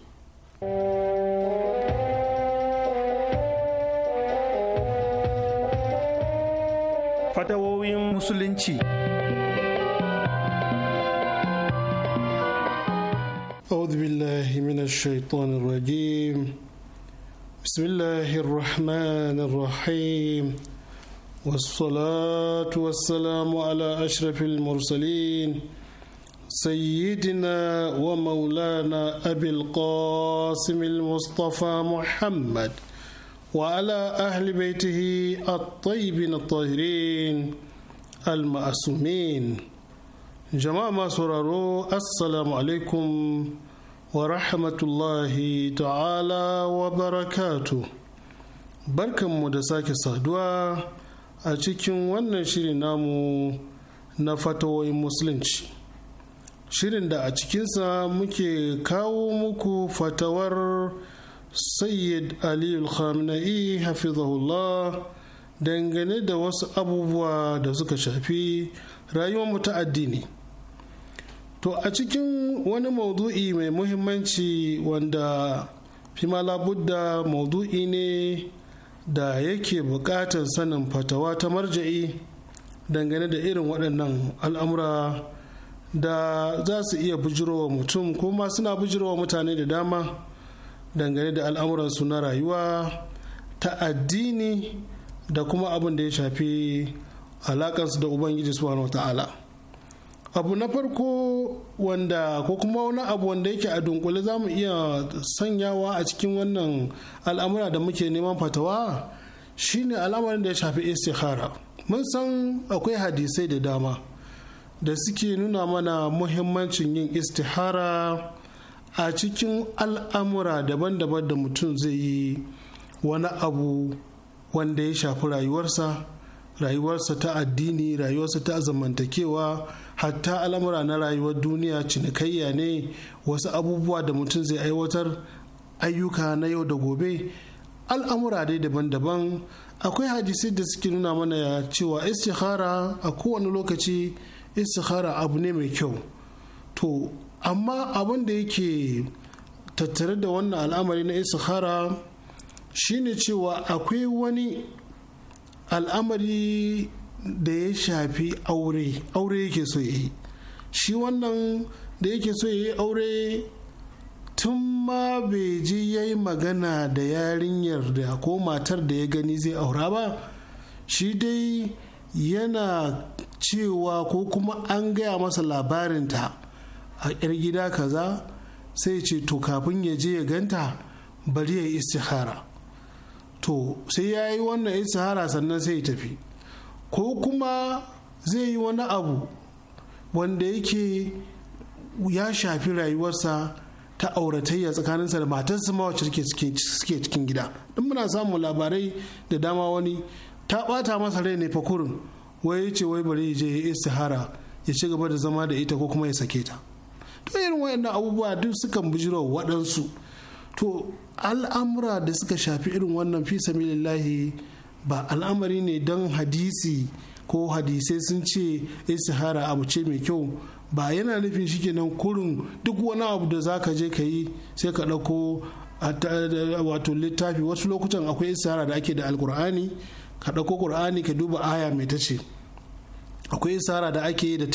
Fatawoyin Musulunci أعوذ بالله من الشيطان الرجيم بسم الله الرحمن الرحيم والصلاة والسلام على أشرف المرسلين سيدنا ومولانا أبي القاسم المصطفى محمد وعلى أهل بيته الطيبين الطاهرين المأسومين جماعة سرارو السلام عليكم ورحمة الله تعالى وبركاته barkanmu da sake saduwa a cikin wannan shiri namu na fatawoyin musulunci shirin da a cikinsa muke kawo muku fatawar sayyid aliyu khamenei hafizahullah dangane da wasu abubuwa da suka shafi rayuwar ta addini to a cikin wani maudu'i mai muhimmanci wanda fimala budda maudu'i ne da yake buƙatar sanin fatawa ta marja'i dangane da irin waɗannan al'amura da za su iya bujirowa mutum kuma suna bujirowa mutane da dama dangane da al'amuransu na rayuwa ta addini da kuma abin da ya shafi alakansu da ubangiji subhanahu wa ta'ala abu na farko wanda ko kuma wani abu wanda yake a dunkule za mu iya sanyawa a cikin wannan al'amura da muke neman fatawa shine al'amarin da ya shafi istikhara mun san akwai hadisai da dama da suke nuna mana muhimmancin yin istihara a cikin al'amura daban-daban da mutum zai yi wani abu wanda ya shafi rayuwarsa rayuwarsa ta addini rayuwarsa ta zamantakewa hatta al'amura na rayuwar duniya cinikayya ne wasu abubuwa da mutum zai aiwatar ayyuka na yau da gobe al'amura dai daban-daban akwai hadisai da suke nuna mana cewa istihara a kowane lokaci istikhara abu ne mai kyau to amma abin da yake tattare da wannan al'amari na istikhara shine cewa akwai wani al'amari da ya shafi aure aure yake so ya yi shi wannan da yake so ya yi aure tun ma bai je ya yi magana da yarinyar da ko matar da ya gani zai aura ba shi dai yana cewa ko kuma an gaya masa labarin ta a 'yar gida kaza sai ce to kafin ya je ya ganta bari ya istihara to sai ya yi wannan istihara sannan sai ya tafi ko kuma zai yi wani abu wanda yake ya shafi rayuwarsa ta auratayya tsakaninsa da matarsa ma wacce suke cikin gida don muna samun labarai da dama wani ta bata masa rai ne fa kurin wai ce wai bari ya je ya istihara ya ci gaba da zama da ita ko kuma ya sake ta to irin wayannan abubuwa duk sukan bujiro waɗansu to al'amura da suka shafi irin wannan fi sabilillahi ba al'amari ne don hadisi ko hadisai sun ce istihara abu ce mai kyau ba yana nufin shi shikenan kurin duk wani abu da za ka je ka yi sai ka ɗauko wato littafi wasu lokutan akwai istihara da ake da alkur'ani ka ɗauko ƙur'ani ka duba aya mai tace akwai isara da ake da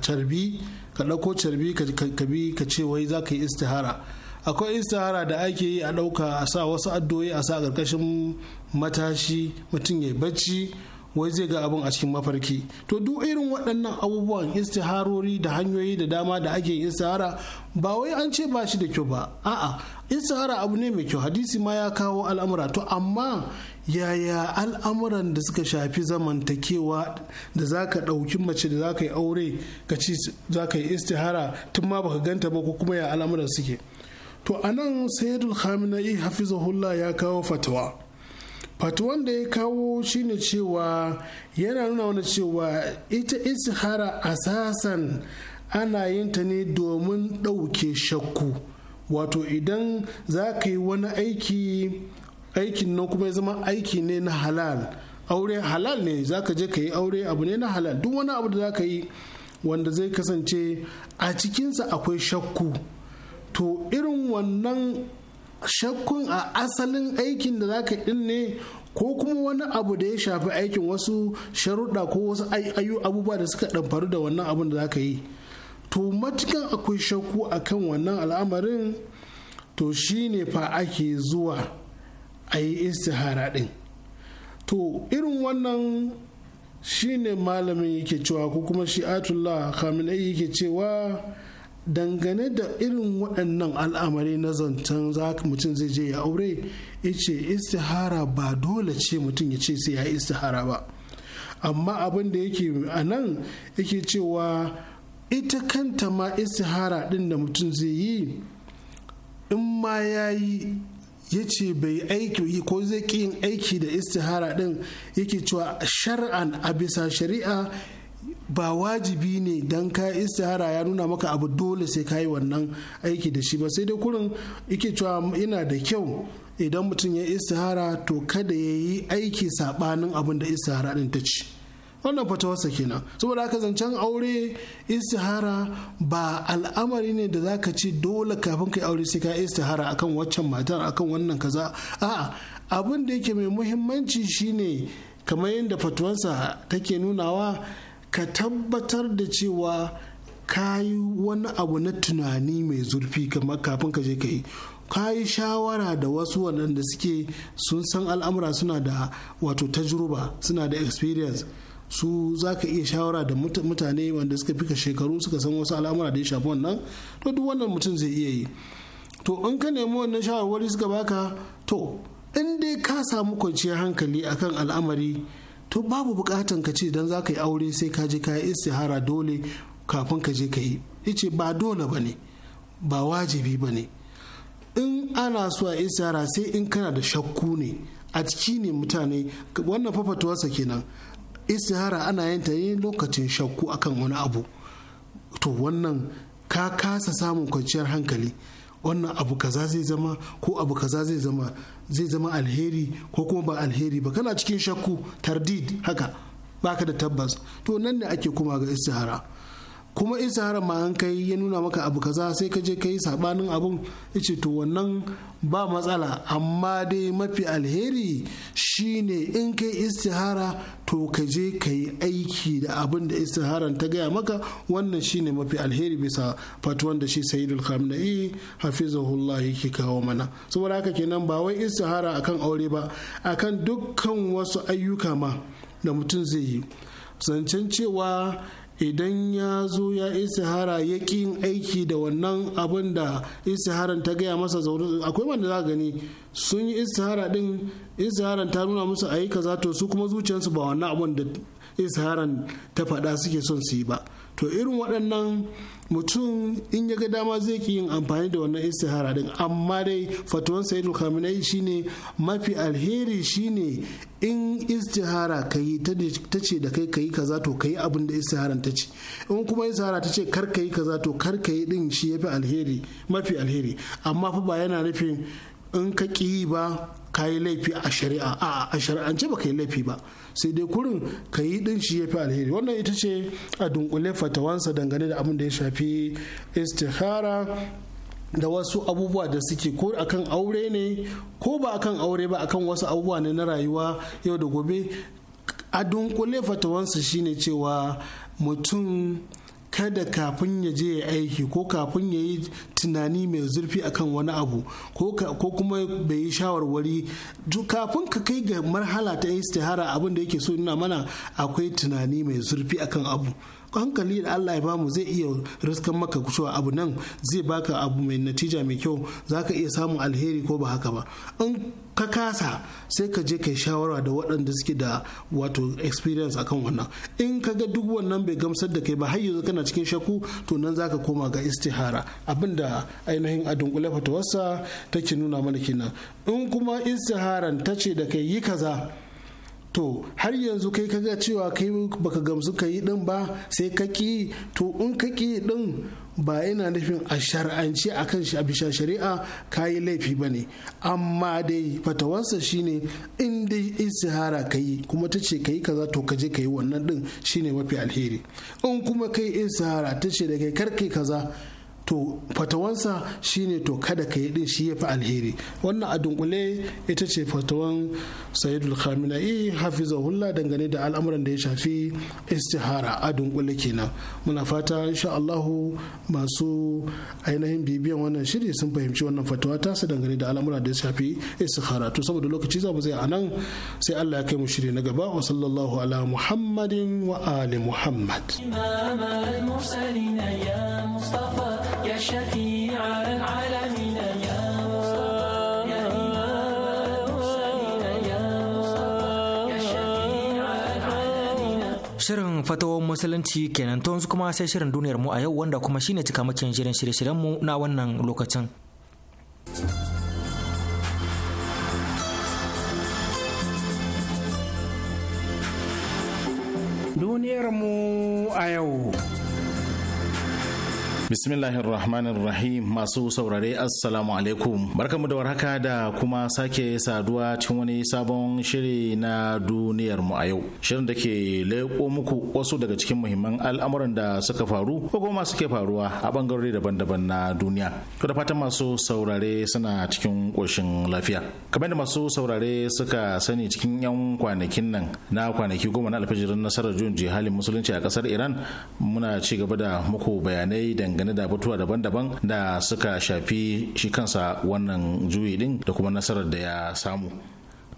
carbi ka ɗauko carbi ka bi ka ce wai za ka yi istihara akwai istihara da ake yi a ɗauka a sa wasu addu'o'i a sa ƙarƙashin matashi mutum ya bacci wai zai ga abin a cikin mafarki to duk irin waɗannan abubuwan istiharori da hanyoyi da dama da ake istihara ba wai an ce ba shi da kyau ba a'a istihara abu ne mai kyau hadisi ma ya kawo al'amura to amma yaya al'amuran da suka shafi zamantakewa da za ka ɗauki mace da za ka yi aure ka ci za ka yi istihara tun ma baka ganta ba ko kuma ya al'amuran suke to anan sayyidul khamenei hafizahullah ya kawo fatawa fatuwan da ya kawo shine cewa yana nuna wani cewa ita istihara asasan ana yin ta ne domin ɗauke shakku wato idan za ka yi wani aiki aikin nan kuma ya zama aiki ne na halal aure halal ne zaka je ka yi aure abu ne na halal duk wani abu da zaka yi wanda zai kasance a cikinsa akwai shakku to irin wannan shakkun a asalin aikin da zaka din ne ko kuma wani abu da ya shafi aikin wasu sharuɗa ko wasu abubuwa da suka ɗamfaru da wannan abin da zaka yi to matukan akwai shakku akan wannan al'amarin to shine fa ake zuwa a yi istihara ɗin to irin wannan shine malamin yake cewa ko kuma shi atullah khamenei yake cewa dangane da irin waɗannan al'amari na zancen za mutum zai je ya aure ce istihara ba dole ce mutum ya ce sai ya istihara ba amma abin da yake a nan yake cewa ita kanta ma istihara ɗin da mutum zai yi in ma ya yi ya ce bai aiki ko zai ƙi yin aiki da istihara ɗin yake cewa shar'an a bisa shari'a ba wajibi ne don ka istihara ya nuna maka abu dole sai ka yi wannan aiki da shi ba sai dai kurin yake cewa ina da kyau idan mutum ya istihara to kada ya yi aiki saɓanin abin da istihara ɗin ta ce. wannan wasa kenan saboda haka zancen aure istihara ba al'amari ne da zaka ce dole kafin kai aure sai ka istihara akan waccan matar akan wannan kaza a'a abin da yake mai muhimmanci shine kamar yadda fatuwarsa take nunawa ka tabbatar da cewa ka yi wani abu na tunani mai zurfi kamar kafin ka je ka yi ka yi shawara da wasu waɗanda suke sun san al'amura suna da wato tajruba suna da experience su za ka iya shawara da mutane wanda suka fika shekaru suka san wasu al'amura da ya shafi wannan to duk wannan mutum zai iya yi to in ka nemi wannan shawarwari suka baka to in dai ka samu kwanciyar hankali akan al'amari to babu bukatan ka ce dan za ka yi aure sai ka je ka yi istihara dole kafin ka je ka yi ice ba dole ba ne ba wajibi ba ne in ana so a istihara sai in kana da shakku ne a ciki ne mutane wannan fafatuwarsa kenan istihara ana yin ta yin lokacin shakku akan wani abu to wannan ka kasa samun kwanciyar hankali wannan abu kaza zai zama ko abu kaza zai zama zai zama alheri ko kuma ba alheri ba kana cikin shakku tardid haka baka da tabbas to nan ne ake kuma ga istihara kuma istiharar ma an kai ya nuna maka abu kaza sai ka je kai sabanin abun yace to wannan ba matsala amma dai mafi alheri shine in kai istihara to ka je ka yi aiki da abin da istiharan ta gaya maka wannan shine mafi alheri bisa fatuwan da shi sayyidul khamnai hafizahullah yake kawo mana saboda haka kenan ba wai istihara akan aure ba akan dukkan wasu ayyuka ma da mutum zai yi zancen cewa idan ya zo ya isihara ya yin aiki da wannan abin da isiharan ta gaya masa zaune akwai wanda za gani sun yi isihara din isiharan ta nuna musu ayi kaza to su kuma zuciyarsu ba wannan abin da isiharan ta faɗa suke son su yi ba to irin waɗannan mutum in ya ga dama zai ki yin amfani da wannan istihara din amma dai fatuwan sayyidul khamenei shine mafi alheri shine in istihara ka yi ta ce da kai ka yi kaza to ka yi abin da istiharan ta ce in kuma istihara ta ce kar ka yi kaza to kar ka yi din shi yafi alheri mafi alheri amma fa ba yana nufin in ka ki yi ba ka yi laifi a shari'a a shari'ance ba ka yi laifi ba sai dai kurin ka yi din shi ya fi alheri wannan ita ce a dunkule fatawansa dangane da abin da ya shafi istihara da wasu abubuwa da suke ko akan aure ne ko ba akan aure ba akan wasu abubuwa ne na rayuwa yau da gobe a dunkule fatawansa shine cewa mutum kada kafin ya je ya aiki ko kafin ya yi tunani mai zurfi akan wani abu ko kuma bai yi shawarwari kafin ka kai ga marhala ta istihara abin da yake so nuna mana akwai tunani mai zurfi akan abu hankali da Allah ya bamu zai iya riskan maka cewa abu nan zai baka abu mai natija mai kyau zaka iya samun alheri ko ba haka ba in ka kasa sai ka je kai shawara da waɗanda suke da wato experience akan wannan in ka ga duk wannan bai gamsar da kai ba har yanzu kana cikin shaku to nan zaka koma ga istihara abinda ainihin a dunkule fatawarsa take nuna mana kenan in kuma istiharan ta ce da kai yi kaza to har yanzu kai kaga cewa kai baka gamsu ka yi din ba sai ka ki to in ka ki din ba yana nufin a shar'anci a kan shi shari'a ka yi laifi ba ne amma dai fatawarsa shine in dai istihara ka yi kuma ta ce ka yi kaza to ka je ka yi wannan din shine mafi alheri in kuma kai istihara ta ce da kai karkai kaza to fatawansa shine to kada ka yi din shi ya fi alheri wannan a dunkule ita ce fatawan sayidul khamenei hulla dangane da al'amuran da ya shafi istihara a dunkule kenan muna fata insha Allahu masu ainihin bibiyan wannan shiri sun fahimci wannan fatawa ta su dangane da al'amura da ya shafi istihara to saboda lokaci za mu zai a nan sai Allah ya kai mu shiri na gaba wa sallallahu ala muhammadin wa ali muhammad Shirin fatawar musulunci kenan to yanzu kuma sai shirin duniyar mu a yau wanda kuma shine makin shirin shirye-shiryen mu na wannan lokacin. Duniyar mu a yau. Bismillahir Rahmanir Rahim masu saurare Assalamu alaikum. Barkamu da warhaka da kuma sake saduwa cikin wani sabon shiri na duniyar mu a yau. Shirin da ke leƙo muku wasu daga cikin muhimman al'amuran da suka faru ko kuma suke faruwa a bangarori daban-daban na duniya. To da fatan masu saurare suna cikin ƙoshin lafiya. Kamar da masu saurare suka sani cikin 'yan kwanakin nan na kwanaki goma na alfajirin nasarar juyin jihalin musulunci a kasar Iran muna ci gaba da muku bayanai dangane dangane da batuwa daban-daban da suka shafi shi kansa wannan juyi din da kuma nasarar da ya samu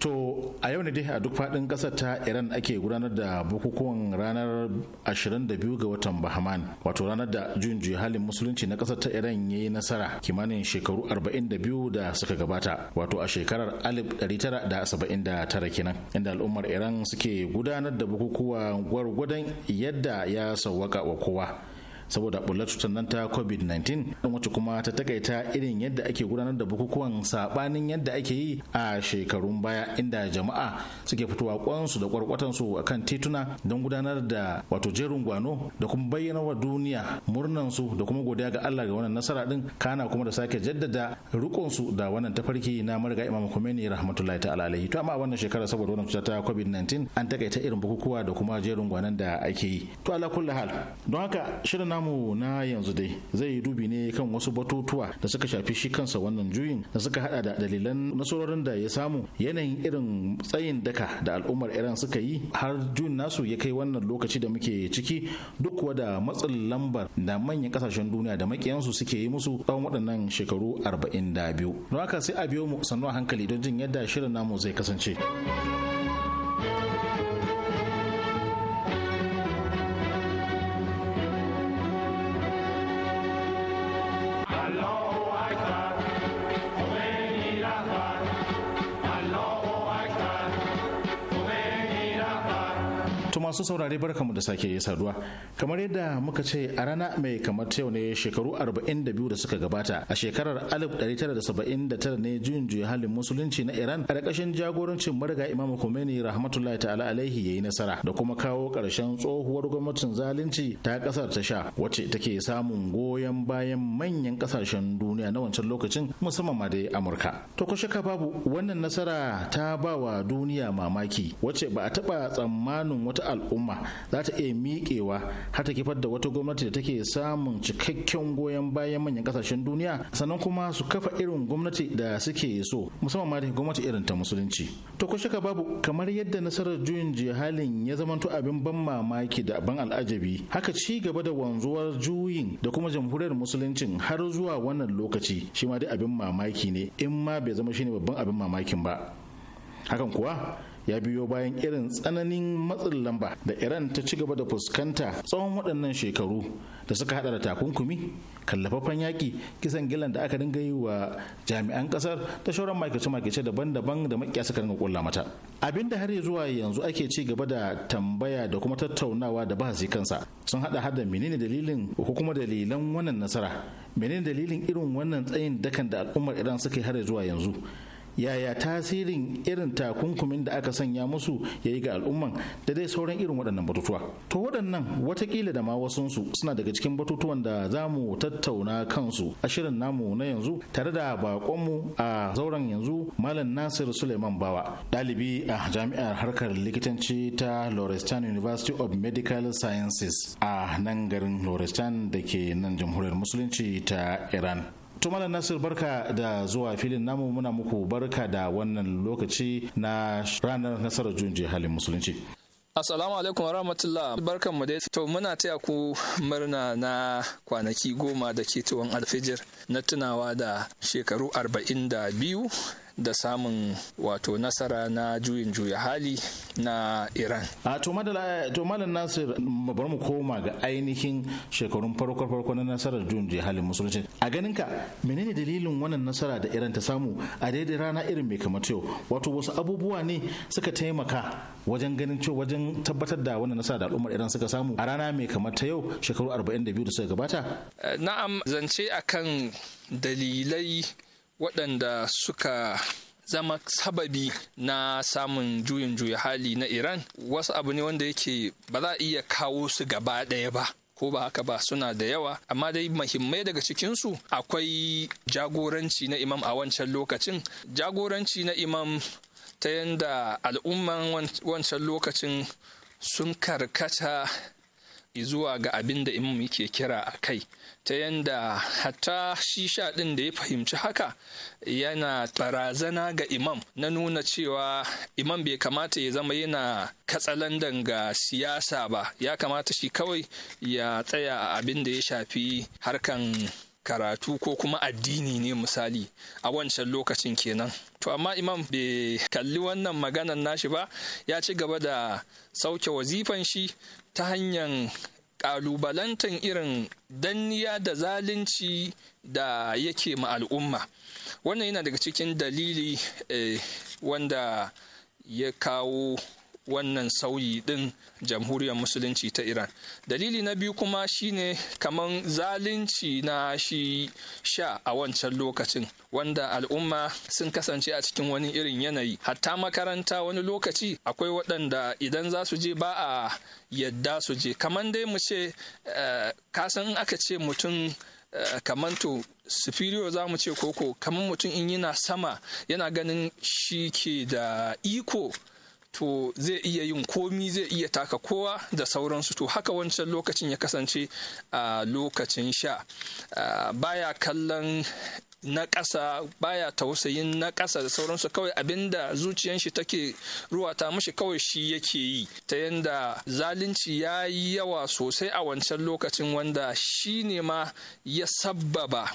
To a yau ne dai a duk faɗin ƙasar ta Iran ake gudanar da bukukuwan ranar 22 ga watan bahaman wato ranar da juyin juyi halin musulunci na ƙasar ta Iran ya yi nasara kimanin shekaru 42 da suka gabata wato a shekarar 1979 kenan inda al'ummar Iran suke gudanar da bukukuwa gwargwadon yadda ya sawwaka wa kowa. saboda bullar cutar nan ta covid-19 wacce kuma ta takaita irin yadda ake gudanar da bukukuwan sabanin yadda ake yi a shekarun baya inda jama'a suke fitowa kwansu da kwarkwatansu a kan tituna don gudanar da wato jerin gwano da kuma bayyana wa duniya murnan su da kuma godiya ga Allah ga wannan nasara din kana kuma da sake jaddada su da wannan tafarki na marga Imam Khomeini rahmatullahi ta'ala alaihi to amma a wannan shekara saboda wannan cutar ta covid-19 an takaita irin bukukuwa da kuma jerin gwanan da ake yi to ala kulli hal don haka shirin namu namu na yanzu dai zai yi dubi ne kan wasu batutuwa da suka shafi shi kansa wannan juyin da suka hada da dalilan nasarorin da ya samu yanayin irin tsayin daka da al'ummar iran suka yi har juyin nasu ya kai wannan lokaci da muke ciki duk kuwa da matsin lambar da manyan kasashen duniya da makiyansu suke yi musu tsawon waɗannan shekaru arba'in da biyu don haka sai a biyo mu sannu a hankali don jin yadda shirin namu zai kasance. masu saurare barkamu da sake saduwa kamar yadda muka ce a rana mai kamar ta yau ne shekaru 42 da suka gabata a shekarar 1979 ne juyin juya halin musulunci na Iran a ƙarƙashin jagorancin mariga Imam Khomeini rahmatullahi ta'ala alaihi yayi nasara da kuma kawo ƙarshen tsohuwar gwamnatin zalunci ta ƙasar ta sha wacce take samun goyon bayan manyan ƙasashen duniya na wancan lokacin musamman ma dai Amurka to ko shaka babu wannan nasara ta ba wa duniya mamaki wacce ba a taɓa tsammanin wata al'umma za ta iya miƙewa har ta kifar da wata gwamnati da take samun cikakken goyon bayan manyan kasashen duniya sannan kuma su kafa irin gwamnati da suke so musamman ma da gwamnati irin ta musulunci to ko shaka babu kamar yadda nasarar juyin jihalin ya zamanto abin ban mamaki da ban al'ajabi haka ci gaba da wanzuwar juyin da kuma jamhuriyar musuluncin har zuwa wannan lokaci shi ma dai abin mamaki ne in ma bai zama shine babban abin mamakin ba hakan kuwa ya biyo bayan irin tsananin matsin lamba da iran ta ci gaba da fuskanta tsawon waɗannan shekaru da suka hada da takunkumi kallafafan yaƙi kisan gilan da aka dinga yi wa jami'an ƙasar da shauran makice-makice daban-daban da makiya suka dinga kulla mata abin da har zuwa yanzu ake ci gaba da tambaya da kuma tattaunawa da bahasi kansa sun hada hada menene dalilin ko kuma dalilan wannan nasara menene dalilin irin wannan tsayin dakan da al'ummar iran suka yi har zuwa yanzu yaya tasirin irin takunkumin da aka sanya musu ya yi ga al'umman da dai sauran irin waɗannan batutuwa to waɗannan watakila da ma wasunsu suna daga cikin batutuwan da za mu tattauna kansu a shirin namu na yanzu tare da baƙonmu a zauren yanzu malam nasir suleiman bawa ɗalibi a jami'ar harkar likitanci ta lorestan university of medical sciences a nan garin lorestan da ke nan jamhuriyar musulunci ta iran To Malam Nasir barka da zuwa filin namu muna muku barka da wannan lokaci na ranar nasarar junji halin musulunci. Assalamu alaikum warahmatullah barkan mu dai to muna taya ku murna na kwanaki goma da ke tuwon alfijir na tunawa da shekaru arba'in da biyu da samun wato nasara na juyin juya hali na iran a to malam nasir bari mu koma ga ainihin shekarun farko farko na nasarar juyin juya halin musulunci a ganin ka menene dalilin wannan nasara da iran ta samu a daidai rana irin mai kamar yau wato wasu abubuwa ne suka taimaka wajen ganin cewa wajen tabbatar da wannan nasara da al'ummar iran suka samu a rana mai kamar ta yau shekaru 42 da suka gabata eh, na'am zance akan dalilai waɗanda suka zama sababi na samun juyin juya hali na iran wasu abu ne wanda yake ba za a iya kawo su gaba ɗaya ba ko ba haka ba suna da yawa amma dai mahimmai daga cikinsu akwai jagoranci na imam a wancan lokacin jagoranci na imam ta yadda al'umman wancan lokacin sun karkata zuwa ga abin da imam yake kira a kai ta yanda hatta shi sha ɗin da ya fahimci haka yana barazana ga imam na nuna cewa imam bai kamata ya zama yana katsalandan ga siyasa ba ya kamata shi kawai ya tsaya a abin da ya shafi harkan karatu ko kuma addini ne misali a wancan lokacin kenan to amma imam bai kalli wannan maganan nashi ba ya ci gaba da sauke wazifan shi ta hanyar kalubalantan irin danniya da zalunci da yake ma al'umma wannan yana daga cikin dalili eh, wanda ya kawo wannan sauyi din jamhuriyar musulunci ta iran dalili na biyu kuma shine kaman zalunci na shi sha a wancan lokacin wanda al'umma sun kasance a cikin wani irin yanayi hatta makaranta wani lokaci akwai waɗanda idan za su je ba a yadda su je kaman dai mu ce eh, kasan aka ce mutum eh, kamanto superior za mu ce koko kamar mutum in yana sama yana ganin shi ke da iko to zai iya yin komi zai iya taka kowa da sauransu to haka wancan lokacin ya kasance a lokacin sha baya kallon na ƙasa baya tausayin na ƙasa da sauransu kawai abinda zuciyan shi take ruwata mashi kawai shi yake yi ta yanda zalunci ya yi yawa sosai a wancan lokacin wanda shi ne ma ya sabbaba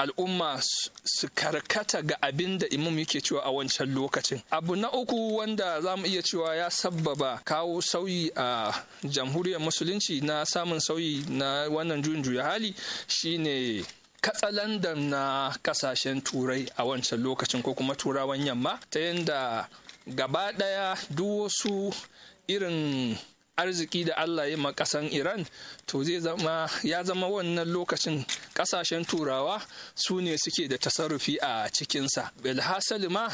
al'umma su karkata ga abin da imam yake cewa a wancan lokacin abu na uku wanda za mu iya cewa ya sabbaba kawo sauyi a jamhuriyar musulunci na samun sauyi na wannan juyin juya hali shine katsalandan na kasashen turai a wancan lokacin ko kuma turawan yamma ta yadda gaba daya duk wasu irin arziki da Allah ya makasan Iran to zai zama ya zama wannan lokacin kasashen turawa su ne suke da tasarrufi a cikinsa bilhassali ma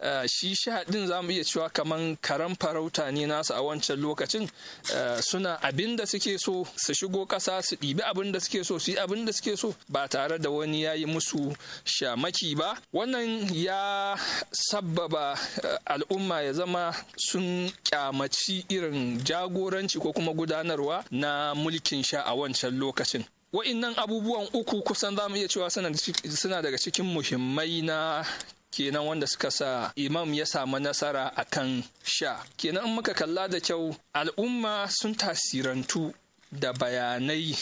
eh, shi shaɗin za mu iya cewa kamar karan farauta ne nasu a wancan lokacin eh, suna abin da suke so su shigo ƙasa su ɗibi abin da suke so su yi abin da suke so ba tare da wani ya yi musu shamaki ba wannan ya sabbaba eh, al'umma ya zama sun kyamaci irin jago jagoranci ko kuma gudanarwa na mulkin sha a wancan lokacin wa'innan abubuwan uku kusan za mu iya cewa suna daga cikin muhimmai na kenan wanda suka sa imam ya samu nasara a kan sha kenan in muka kalla da kyau al'umma sun tasirantu da bayanai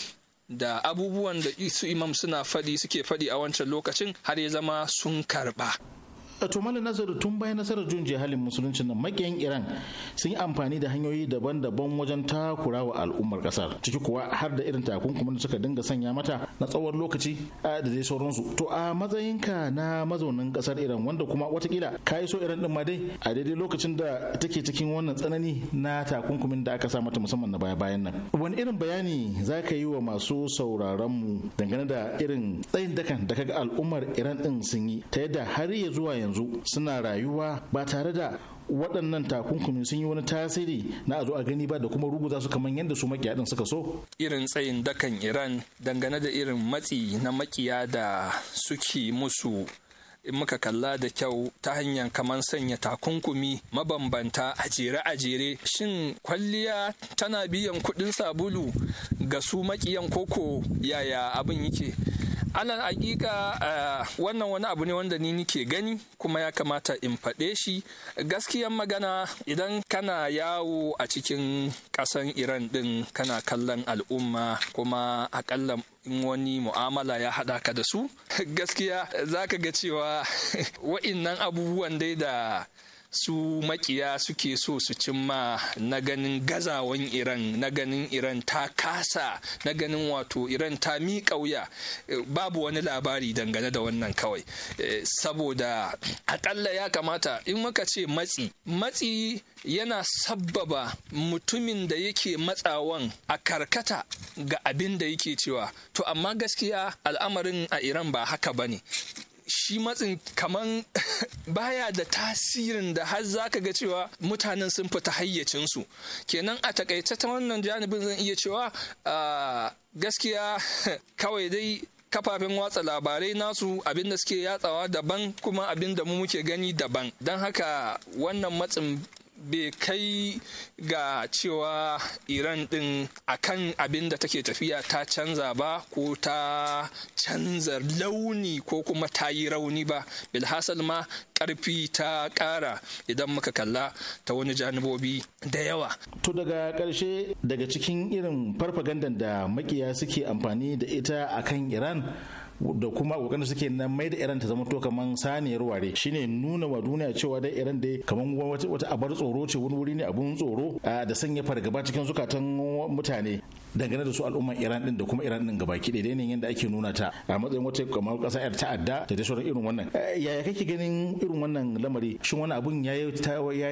da abubuwan da su imam suna faɗi suke faɗi a wancan lokacin har ya zama sun karɓa Eh, to malam nasaru tun bayan nasarar jun halin musulunci nan makiyan iran sun yi amfani da hanyoyi daban-daban wajen takura wa al'ummar kasar ciki kuwa har da irin takunkumin da suka dinga sanya mata na tsawon lokaci eh, da zai sauransu to a matsayinka na mazaunin kasar iran wanda kuma watakila ka yi so iran din ma dai a daidai lokacin da take cikin wannan tsanani na takunkumin da aka sa mata musamman na baya-bayan nan wani irin bayani za ka yi wa masu sauraron mu dangane da irin tsayin dakan da kaga al'ummar iran din sun yi ta yadda har ya zuwa yanzu yanzu suna rayuwa ba tare da waɗannan takunkumin sun yi wani tasiri na a zo a gani ba da kuma ruguza su kamar yadda su makiya suka so irin tsayin dakan iran dangane da irin matsi na makiya da suke musu in muka kalla da kyau ta hanyar kamar sanya takunkumi mabambanta ajere-ajere shin kwalliya tana biyan kuɗin sabulu ga su makiyan koko yaya abin yake alal hakika eh, wannan wani abu ne wanda ni nike gani kuma ya kamata in faɗe shi gaskiyan magana idan kana yawo a cikin ƙasan iran ɗin kana kallon al'umma kuma akalla in wani mu'amala ya haɗa ka da su gaskiya za ka ga cewa wa'innan abubuwan dai da su makiya suke so su cimma na ganin gazawan iran na ganin iran ta kasa na ganin wato iran ta miƙa wuya eh, babu wani labari dangane da wannan kawai eh, saboda akalla ya kamata in muka ce matsi matsi yana sabbaba mutumin da yake matsawan a karkata ga abin da yake cewa to amma gaskiya al'amarin a iran ba haka ba ne shi matsin kaman baya da tasirin da har za ka ga cewa mutanen sun fita hayyacinsu kenan a takaice ta wannan janibin zan iya cewa gaskiya kawai dai kafafen watsa labarai nasu abin da suke yatsawa daban kuma abin da mu muke gani daban don haka wannan matsin bai kai ga cewa iran din akan abin da take tafiya ta canza ba ko ta canza launi ko kuma ta yi rauni ba bilhassal ma karfi ta kara idan muka kalla ta wani janibobi da yawa to daga karshe daga cikin irin farfagandan da makiya suke amfani da ita akan iran da kuma kokarin da suke na mai da iran ta zama to kaman saniyar ware shine nuna wa duniya cewa dai iran dai kaman wata abar tsoro ce wani wuri ne abun tsoro ah, da sanya fargaba cikin zukatan mutane dangane da su al'ummar iran din da kuma iran din gabaki daidai ne yadda ake nuna ta a matsayin wata kamar kasa yar ta'adda da ta shirin irin wannan eh, yaya kake ganin irin wannan lamari shi wani abun ya yi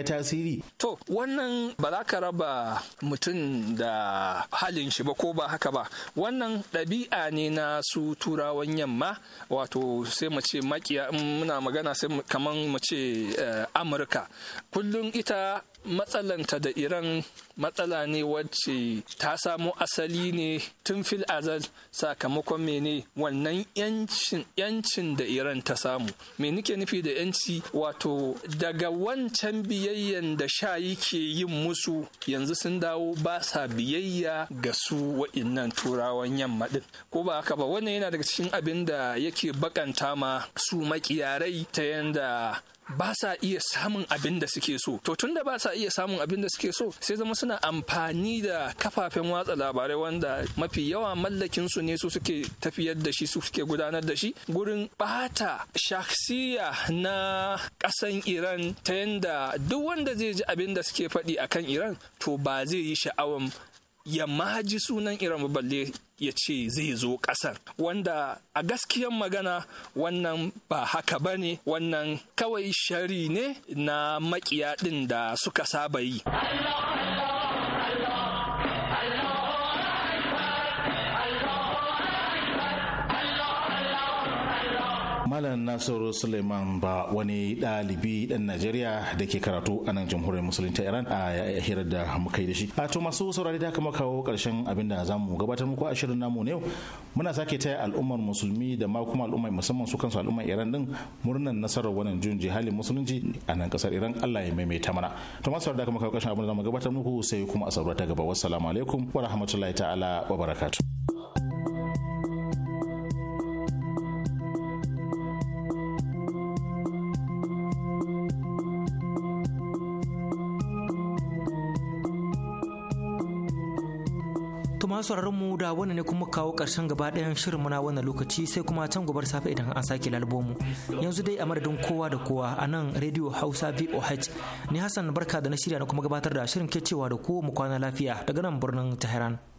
tasiri to wannan ba za ka raba mutum da halin shi ba ko ba haka ba wannan ɗabi'a ne na su turawan yamma wato sai mu ce makiya muna magana sai kaman mu ce eh, amurka kullum ita matsalanta da iran matsala ne wacce ta samo asali ne tun fil azal sakamakon mene wannan yancin da iran ta samu me nike nufi da yanci wato daga wancan biyayyan da sha yake yin musu yanzu sun dawo ba sa biyayya ga su wa'innan turawan yamma din ko ba haka ba wannan yana daga cikin abin da yake bakanta ma su makiyarai ta yanda ba sa iya samun abin da suke so to tunda ba sa iya samun abin da suke so sai zama suna amfani da kafafen watsa labarai wanda mafi yawa mallakin su ne su suke tafiyar da shi su suke gudanar da shi gurin bata shaksiya na kasan Iran ta yanda duk wanda zai ji abin da suke faɗi akan Iran to ba zai yi sha'awan ya sunan iran ya ce zai zo kasar wanda a gaskiyan magana wannan ba haka ba ne wannan kawai shari ne na makiya ɗin da suka saba yi Allah, Allah. Malam Nasiru Suleiman ba wani ɗalibi ɗan Najeriya da ke karatu a nan jamhuriyar Musulun ta Iran a hirar da muka yi da shi. A to masu saurari da kuma kawo ƙarshen abin da za mu gabatar muku a shirin namu ne muna sake taya al'ummar musulmi da ma kuma al'ummar musamman su kansu al'ummar Iran din murnar nasarar wannan jun jihalin musulunci a nan ƙasar Iran Allah ya maimaita mana. To masu saurari da kuma kawo ƙarshen abin da za mu gabatar muku sai kuma a saurari ta gaba. Wassalamu alaikum wa rahmatullahi ta'ala wa barakatuh. sauraron mu da wani ne kuma kawo karshen gaba ɗayan shirin muna wannan lokaci sai kuma can gobar safe idan an sake lalbomu yanzu dai a madadin kowa da kowa a nan rediyo hausa voh ni hassan barka da na shirya na kuma gabatar da shirin ke cewa da ku mu kwana lafiya daga nan birnin tehran